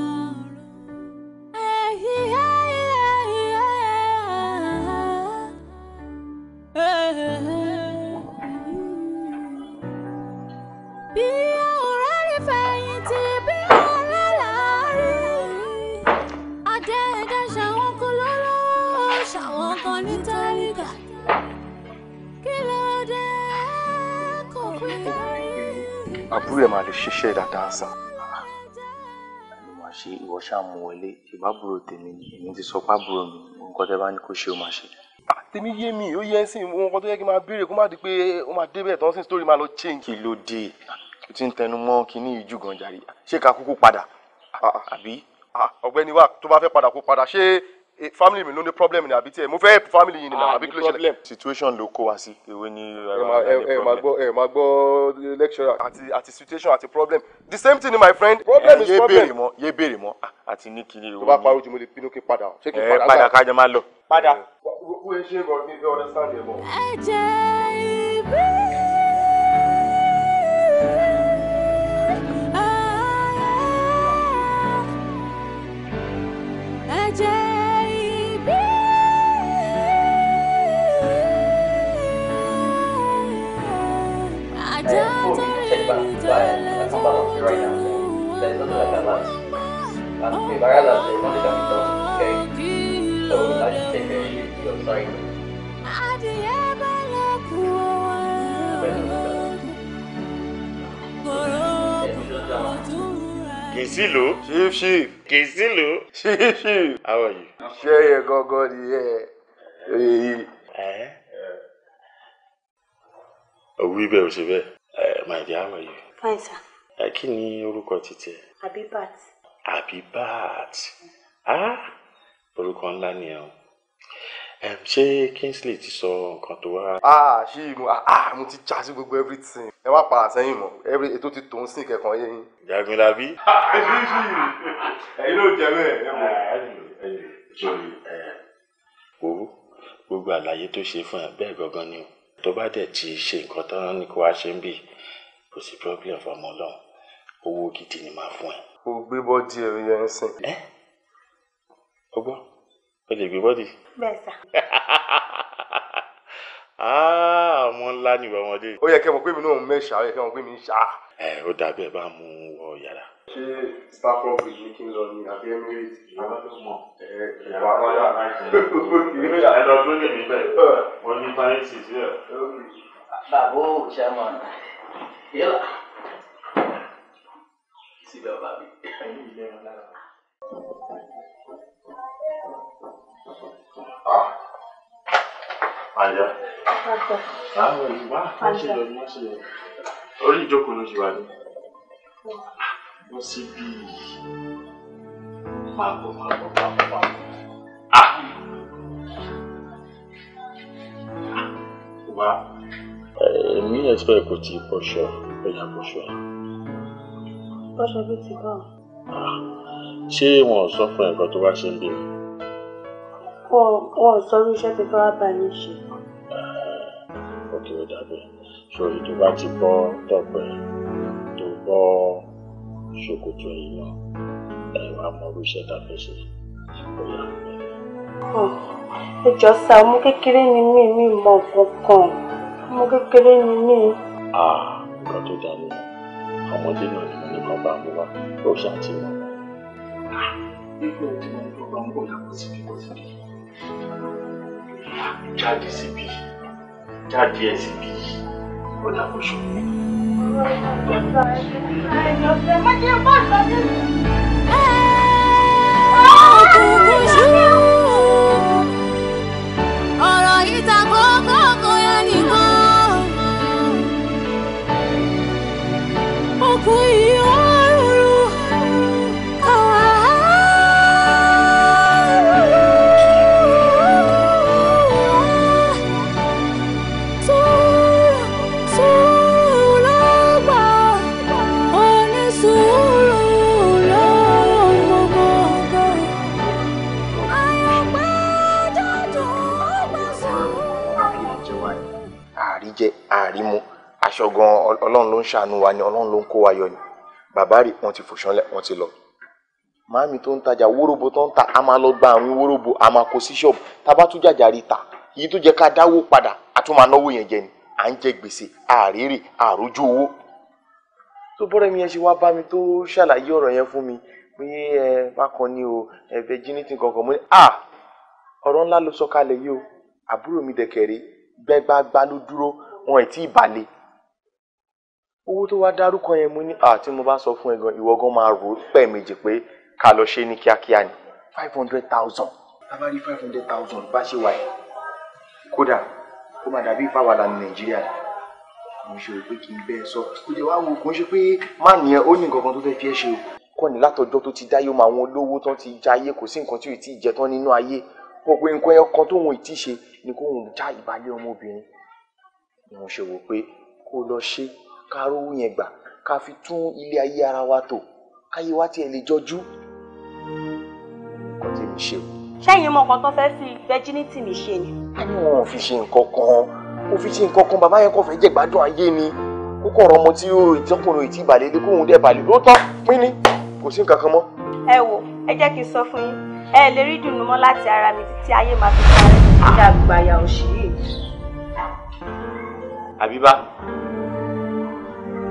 answer. ló máa ṣe ìwọ ṣáà mú wọlé ìbábúrò tèmi ni èmi ti sọ pábúrò mi nǹkan tẹ́ bá ní kó ṣe ó máa ṣe. tèmi yé mi ó yẹ sí ohun kan tó yẹ kí n máa béèrè kó má di pé ó máa débẹ̀ tán sí sítórí máa lọ change. kí ló dé o ti ń tẹnu mọ́ kínní ìjú gan jàre ṣé ká kúkú padà àbí. ọ̀gbẹ́ni wa tó bá fẹ́ padà kó padà ṣé Eh, family mi ló ní problem ni àbí tiẹ̀ mo fẹ́ family yìí ni na ah, àbí kí ló situation ló kó wa sí ewé ní ẹ máa gbọ́ ẹ máa gbọ́ eh, lecturer àti àti situation àti problem the same thing my friend problem eh, is problem. yé béèrè mọ́ ah, àti ní kiri owó. tó bá parọ́ ju mo lè pinnu kí padà ṣé kí padà. ẹ padà máa lọ. padà. wọ́n ń ṣe é gan-an ní ìfẹ́ understand yẹn mọ́. ẹ jẹ́ ìbí. right now. There's nothing I can last. And if I had that, there's nothing can Okay? So I should take a huge deal of sorry. Kisilu. Chief, chief. Kisilu. Chief, chief. How are you? Share your you're going go to the air. Eh? Are we better to be? My dear, how are you? Fine, sir ẹ kí ni orúkọ títí ẹ. Abibat. Abibat ah orúkọ ńlá ni ẹ o um, ṣé Kingsley ti sọ nǹkan tó wá. ah ṣé mo ah mo ti já sí gbogbo everything ẹ wá padà sẹ́yìn mọ́ every ètò ti tòun sí kẹ̀kọ́ yé yín. jagunla bí. ẹ̀yin ló jẹ bẹ́ẹ̀. sori wo gbogbo àlàyé tó ṣe fún ẹ bẹ́ẹ̀ gangan ni o tó bá dẹ̀ ti ṣe nǹkan tán ní kó wá ṣe ń bì kò sí problem fọmọ ọlọ́run owó gidi ni màá fún ẹ. o gbé bọ́dì ẹ̀rọ yẹn sìn. ẹ o gbọ́ o lè gbé bọ́dì. bẹ́ẹ̀ sà. Ah, ọmọ ńlá ni ìwà ọmọdé. ó yẹ kẹ́ mọ̀ pé mi náà ń mẹ́ṣà ó yẹ kẹ́ mọ̀ pé mi ń ṣà. ẹ ó dàbí ẹ bá mú un wọ yàrá. ṣé staff office ní kí n lọ ní àbí Emirates. alábẹ́mọ̀ ẹ wà á yà láìsí. ẹ lọ tó lè níbẹ̀ wọ́n ní fáyẹ́ǹsì sílẹ̀. dàbó chairman yálà síbẹ̀ ọba mi. Àyà. Àwọn ìwà wọ́n ṣe lọ ni wọ́n ṣe lọ. Orí ìjókòó ló ṣe wà ní. Wọ́n sì bí pàpọ̀ pàpọ̀ pàpọ̀ pàpọ̀. Ah! Ah! Wa. Èmi expect kò tí ì pọ̀ ṣọ́ ẹ̀yà pọ̀ Rọ́ṣọ bí ti bá. Ṣé wọn ò sọ fún ẹ̀kọ́ tó wá ṣe ń bí? Wọn ò sọ iṣẹ́ tó fẹ́ bá mi ṣe. Òkè ó dàbẹ̀. Sori tó bá ti bọ́ tọ̀pẹ̀ tó bọ́ ṣòkòtò ẹ̀yìn náà, ẹ̀ wá iṣẹ́ tá a fẹ́ ṣe. Bóyá ẹ jọ sá ọmọ kékeré ni mí mi mọ kankan ọmọ kékeré ni mí. nǹkan tó dáa ni ọmọdé náà wọn bá mú wa ó ṣáàtì wọn. nígbà jáde síbi jáde ẹ síbi ó dàbọ̀ ọ̀rọ̀ yìí ta kókó ẹnìkan. 可以。ṣàánú wa ni ọlọ́run ló ń kó wa yọ ni bàbá rí wọn ti fòṣánlẹ̀ wọn ti lọ màámi tó ń tajà wóróbo tó ń ta a máa lọ gba àwọn wóróbo a máa kó sí ṣọ́ọ̀bù tá a bá tún jàjà rí ta èyí tó jẹ́ ká dáwó padà a tún máa náwó yẹn jẹ ni à ń jẹ gbèsè àárèrè àrójú owó tó bọ́rẹ̀ mi yẹn ṣe wá bá mi tó ṣàlàyé ọ̀rọ̀ yẹn fún mi pé ẹ bákan ni o ẹ virginity kankan mo ní à ọ̀rọ̀ ńlá ló sọ kalẹ̀ yìí o àbúrò mi dẹ̀kẹ̀rẹ̀ gbẹ́gbágbá ló dúró wọn ẹ̀ tí ì balẹ̀ owó tó wá dárúkọ yẹn mo ní àti mo bá sọ fún ẹ gan ìwọ gan máa rò ó pé ká lọ ṣe ní kíákíá ni five hundred thousand tábà five hundred thousand bá ṣe wáyé kódà ó máa dàbí ìfàwàlà ní nàìjíríà mo ṣe rò pé kì í bẹ́ẹ̀ sọ kó jẹ́ wàá wò kó ń ṣe pé má nìyẹn ó ní nǹkan kan tó fẹ́ fi ẹ́ ṣe o kọ́ ni látọjọ́ tó ti dáyé ọmọ àwọn olówó tán ti jayé kò sí nǹkan tí ò tí ì jẹ tán nínú ayé gbogbo nǹkan ẹ̀kan tóun ì tí ì ṣe ni kóun já ìbálẹ̀ ọmọbìnrin mo ṣe wò pé kó lọ ṣe ká rówó yẹn gbà ká fi tún ilé ayé ara wa tò káyé wa tiẹ̀ lè jọjú. nǹkan tí mi ṣe o. ṣẹ́yìn mọ tó fẹ́ fi virginity mi ṣe ni. a ní wọn ò fi ṣe nǹkan kan kò fi ṣe nǹkan kan bàbá yẹn kò fẹ́ jẹ́ gbádùn ayé ni ó kọ̀ ọ̀rọ̀ ọmọ tí ó ìtọ́kùnrin ìtì ìbàlẹ̀ lé kóhun dẹ̀ bàlẹ̀ lóòótọ́ pín ní kò sí nǹkan kan mọ́. ẹ wo ẹ jẹ́ kí n sọ fún yín ẹ lè rí dùnú mọ́ láti ara mi títí ayé máa fi sáré ní ah! àgbàyà òṣèré. àbíbá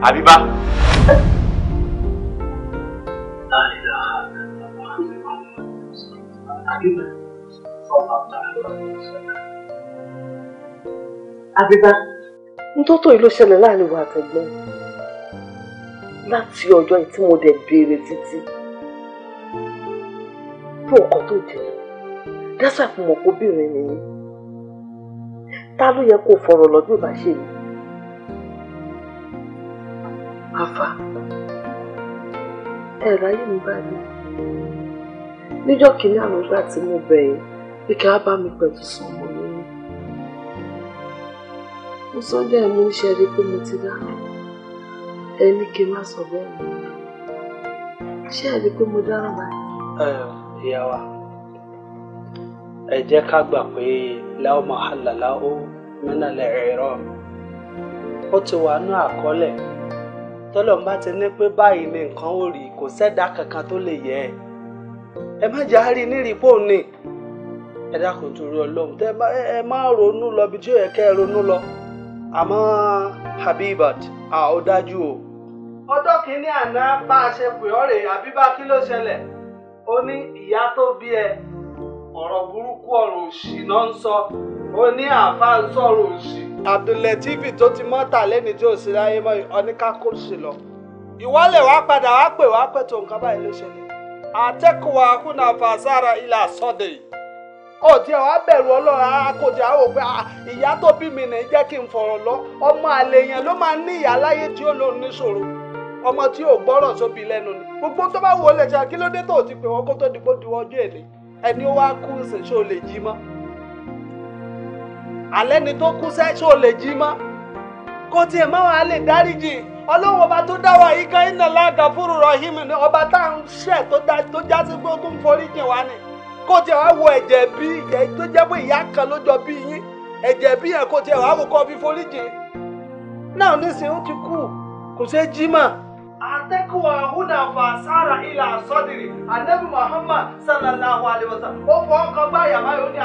àbíbá. Abiba. ntótó yìí ló ṣẹlẹ̀ láàrin wa àtẹ̀gbọ́n láti ọjọ́ yìí tí mo dẹ̀ béèrè títí fún ọkọ tó dé dásà fún mọ̀kóbìnrin nìyí ta ló yẹ kó fọ̀rọ̀ lọ́dún ìbáṣe yìí. afa ẹ ráyè mi báyìí níjọ́ kìíní àná gbà tí mo bẹ̀rẹ̀ pé kí bá mi pẹ̀tù sùn ọmọ mi mo sọ ti dá ẹ ní kí n má sọ bẹ́ẹ̀ mọ́ ṣé wa ẹ jẹ́ ká gbà pé láwọn mẹ́nàlẹ́ ẹ̀rọ ó ti wà ní àkọọ́lẹ̀. tọ́lọ́run bá ti ní pé báyìí ni nǹkan ò rí kò sẹ́dá kankan tó lè yẹ ẹ ẹ má jà á rí ní rìpọ́ọ̀ ni ẹ dákun torí ọlọ́run tẹ ẹ má ronú lọ bí tí ó yẹ kẹ́ ẹ ronú lọ àmọ́ Habibat a ó dájú o. ọjọ́ kìíní àná bá a ṣe pè ọ́ rè àbíbá kí ló ṣẹlẹ̀ ó ní ìyá tó bí ẹ ọ̀rọ̀ burúkú ọ̀rọ̀ òṣì náà ń sọ ó ní àáfàá ń sọ̀rọ̀ òṣì abdul TV tó ti mọ́ta lẹ́ni tí ò sí láyé mọ́ lọ. ìwọ́lẹ̀ wá padà wá pè wá pẹ̀ tó nǹkan báyìí ló ṣẹlẹ̀ àtẹ́kùwà kùnà fàṣàrà ilà sọ́dẹ̀ ó ti ẹ̀ bẹ̀rù ọlọ́run ara kò pé ah, ìyá tó bí mi jẹ́ kí n fọ̀rọ̀ lọ ọmọ àlè yẹn ló máa ní ìyá láyé tí ó lò ọmọ tí ò gbọ́rọ̀ sóbi lẹ́nu ni gbogbo ti alẹ́ ni tó kú sẹ́ ṣó lè jí mọ́ kó tiẹ̀ má wàá lè dáríjì ọlọ́run ọba tó dá wa yìí kan iná láàgà fúru rahim ni ọba tá à ń ṣẹ̀ tó já sí pé forí jìn wá ni kó tiẹ̀ wá wo ẹ̀jẹ̀ bí ìyẹn tó jẹ́ pé ìyá kan ló jọ bí yín ẹ̀jẹ̀ bí yẹn tiẹ̀ wá wò kọ́ fi forí jìn náà nísìnyí ó atakuwa ahụ fasara ila sadiri anabi muhammad sallallahu ó báyà báyà ó ní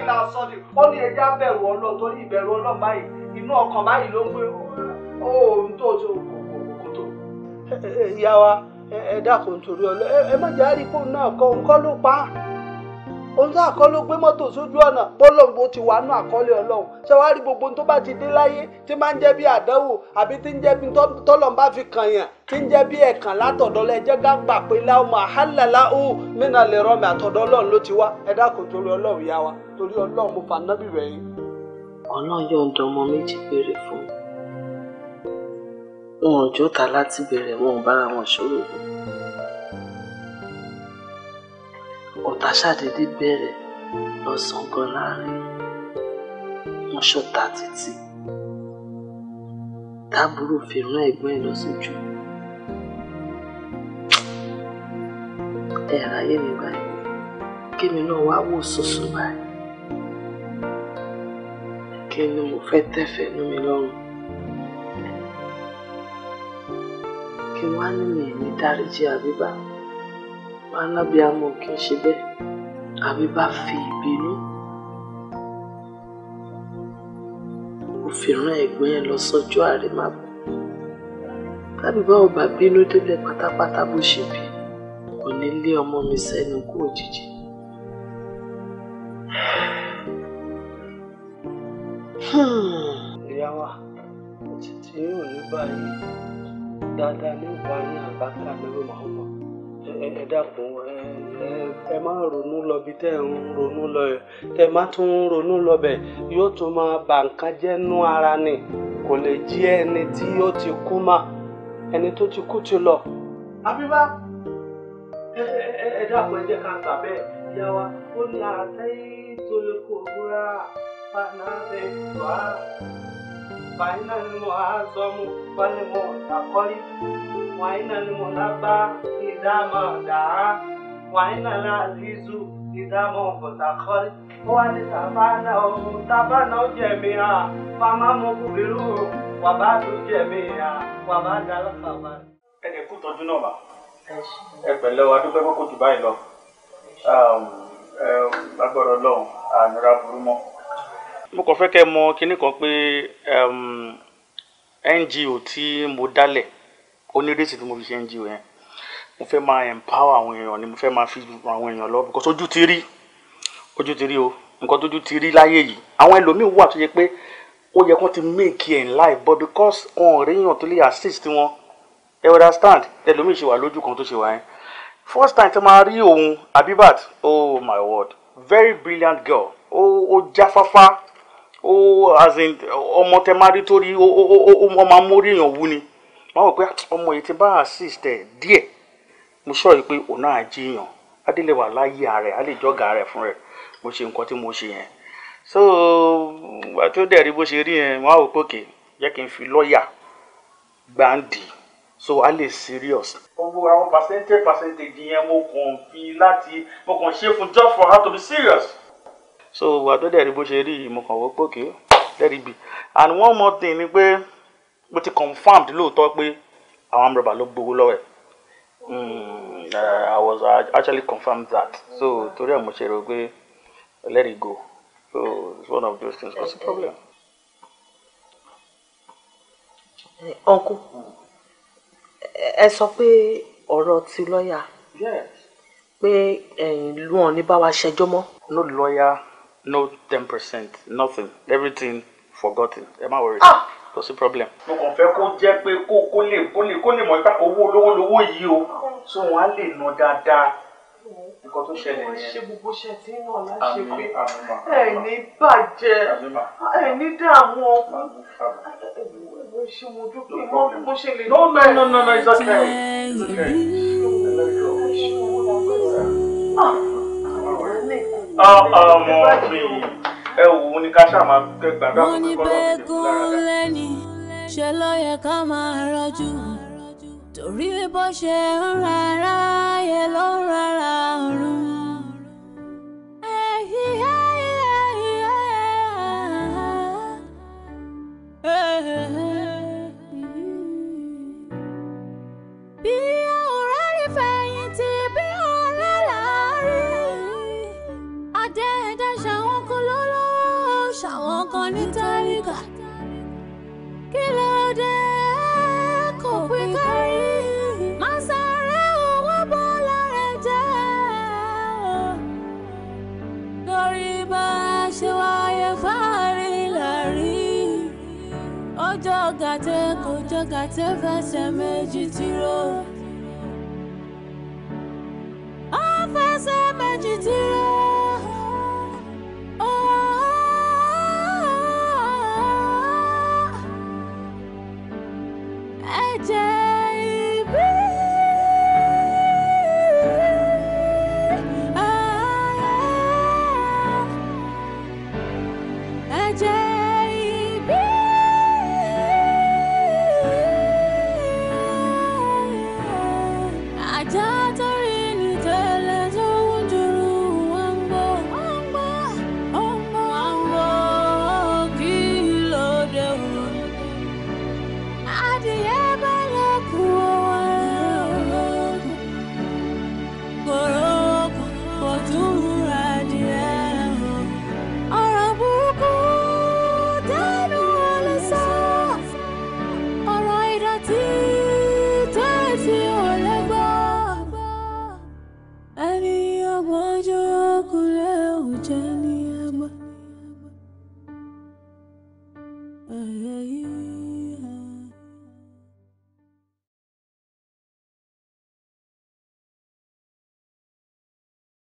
ila sadiri ó ní ẹja bẹ̀rù ọlọ́run ìbẹ̀rù ọlọ́run inú ọkàn báyìí ló ń gbé ohun tó ìyá wa ẹ dákun torí ọlọ ẹ má jẹ́ àríkó náà kọ́ ń kọ́ ló pa òun sá àkọlé gbé mọ́tò sójú ọ̀nà bọ́lọ̀gbò ti wà nù àkọlé ọlọ́run ṣé wàá rí gbogbo tó bá ti dé láyé tí máa ń jẹ́ bí àdánwò àbí tí ń jẹ́ bí tọ́lọ̀n bá fi kàn yàn tí ń jẹ́ bí ẹ̀kàn látọ̀dọ́lẹ̀ jẹ́ ká gbà pé láwùmọ̀ àhálàlá ó mìnà lè rọmì àtọ̀dọ̀ ọlọ́run ló ti wá ẹ dákun torí ọlọ́run yá wa torí ọlọ́run mo fà nábì rẹ̀ yín. ọlọ́run yóò ń dán ọmọ méjì ọ̀tá ṣàdédé bẹ̀rẹ̀ lọ́sàn gan láàrin wọn ṣọ̀tá títí táàbúrò fi rán ẹ̀gbọ́n ẹ̀ lọ sójú ẹ̀rọ ayé mi báyìí kémi náà wá wò sọ̀sọ̀ báyìí kí ni mo fẹ́ tẹ̀fẹ̀ ní mi lọ́rùn kí wọ́n á ní mi ní dáríjì àbíbá alábìàmọ kì í ṣe bẹ́ẹ̀ àbí bá fi ìbínú kò fi rán ẹ̀gbọ́n yẹn lọ sọ́jọ́ àrèmábọ̀ tàbí bá ọba bínú délẹ̀ pátápátá bó ṣe bí kò ní lé ọmọ mi sẹ́nu kú òjijì. ìyá wa títí òní báyìí dáadáa ní ìbáyé àbáta lórí màá wà ẹ dákun ẹ má ronú lọ bí tẹ́ ń ronú lọ ẹ tẹ́ má tún ronú lọ bẹ̀ yóò tún máa bà nǹkan jẹ́ nú ara ni kò lè jí ẹni tí ó ti kú mà ẹni tó ti kú ti lọ. àbíbá ẹ dákun ẹ jẹ́ ká gbà bẹ́ẹ̀ yá wa ó ní ara tó lè kó búra fana bẹ́ẹ̀ wá. Báyìí náà ni mo á sọ mu, wọ́n ní mo وإن المنبى إذا ما دعا وإن العزيز إذا ما انتقل وإن تبعناه تبعناه جميعا فما مقبله وبعد جميعا وبعد wa dúpẹ́ kókò jù báyìí lọ lágbọ́dọ̀ lọ́hùn ànira burú mọ́. mo kàn fẹ́ kẹ́ mọ̀ kinní kan pé NGO tí mo dálẹ̀ ó ní rèsì tí mo fi ṣe ń NGO yẹn mo fẹ́ máa empower àwọn èèyàn ni mo fẹ́ máa fi àwọn èèyàn lọ because ojú ti rí ojú ti rí o nǹkan tójú ti rí láyé yìí àwọn ẹlòmíín wà tó yẹ pé ó yẹ kó ti make ẹ̀ in life but because wọn ò ríyàn tó lè assist wọn ẹ understand ẹlòmíín ṣe wà lójú kan tó ṣe wà yẹn first time tí máa rí òun Abibat oh my word very brilliant girl ó ó jáfáfá ó as in ọmọ tẹ máa rí torí ó ó ó ó máa mórí èèyàn wú ni wọn wò pé ọmọ yìí ti bá assist ẹ mo sọ yìí pé òun náà jiyàn adélèwà láyé ààrẹ àlejòga rẹ fún rẹ mo ṣe nǹkan tí mo ṣe yẹn so ìgbà tó dẹ̀ rí bó ṣe rí yẹn wọn á pé jẹ́ kí n fi lọ́ọ̀yà gbáǹdì so a lè serious. gbogbo àwọn percentage percentage yẹn mo kàn fi láti mo kàn ṣe fún just for her to be serious. so ìgbà tó dẹ̀ bó ṣe rí yìí mo kàn wò pé òkè dẹ̀ rí bi and one more thing ni pé mo ti confirmed lóòótọ́ pé àwọn amúrọ̀bà ló gbowó lọ́wọ́ ẹ̀ hmm, I was actually confirmed that. So torí àmọ́ ṣe rò pé let it go. So it's one of those things. What's the problem? Uncle, ẹ sọ pé ọ̀rọ̀ ti lọ́ọ̀yà. Pé ẹ̀yin ló hàn ní bá wa ṣẹjọ́ mọ́. No lawyer, no ten percent, nothing, everything forgotten. Ẹ má worry. Ah! kò sí problem. mo kàn fẹ́ kó jẹ́ pé kó kó lè kó lè kó lè mọ̀ nípa owó olówó lówó yìí o so wọn á lè nà dáadáa nǹkan tó ṣẹlẹ̀ yẹn. ṣe gbogbo ṣe tí náà láṣẹ pé ẹ bàjẹ́ ẹ dààmú ọkùn ẹ mo dúpẹ́ mọ́ bí mo ṣe lè. no no no no no it's okay. it's okay. ọmọ mi ẹ wò ó ní ká ṣáà máa kẹgbà gbà fún kíkọ́ lọ́wọ́ tó lára ṣe ló ká máa rọjú torí bó ṣe ń rárá yẹ ló ń rárá ọ̀run. ẹ̀hìn ẹ̀. gàtẹ kò jọ gàtẹ fẹsẹ̀ méjì tìró. ó fẹsẹ̀ méjì tìró.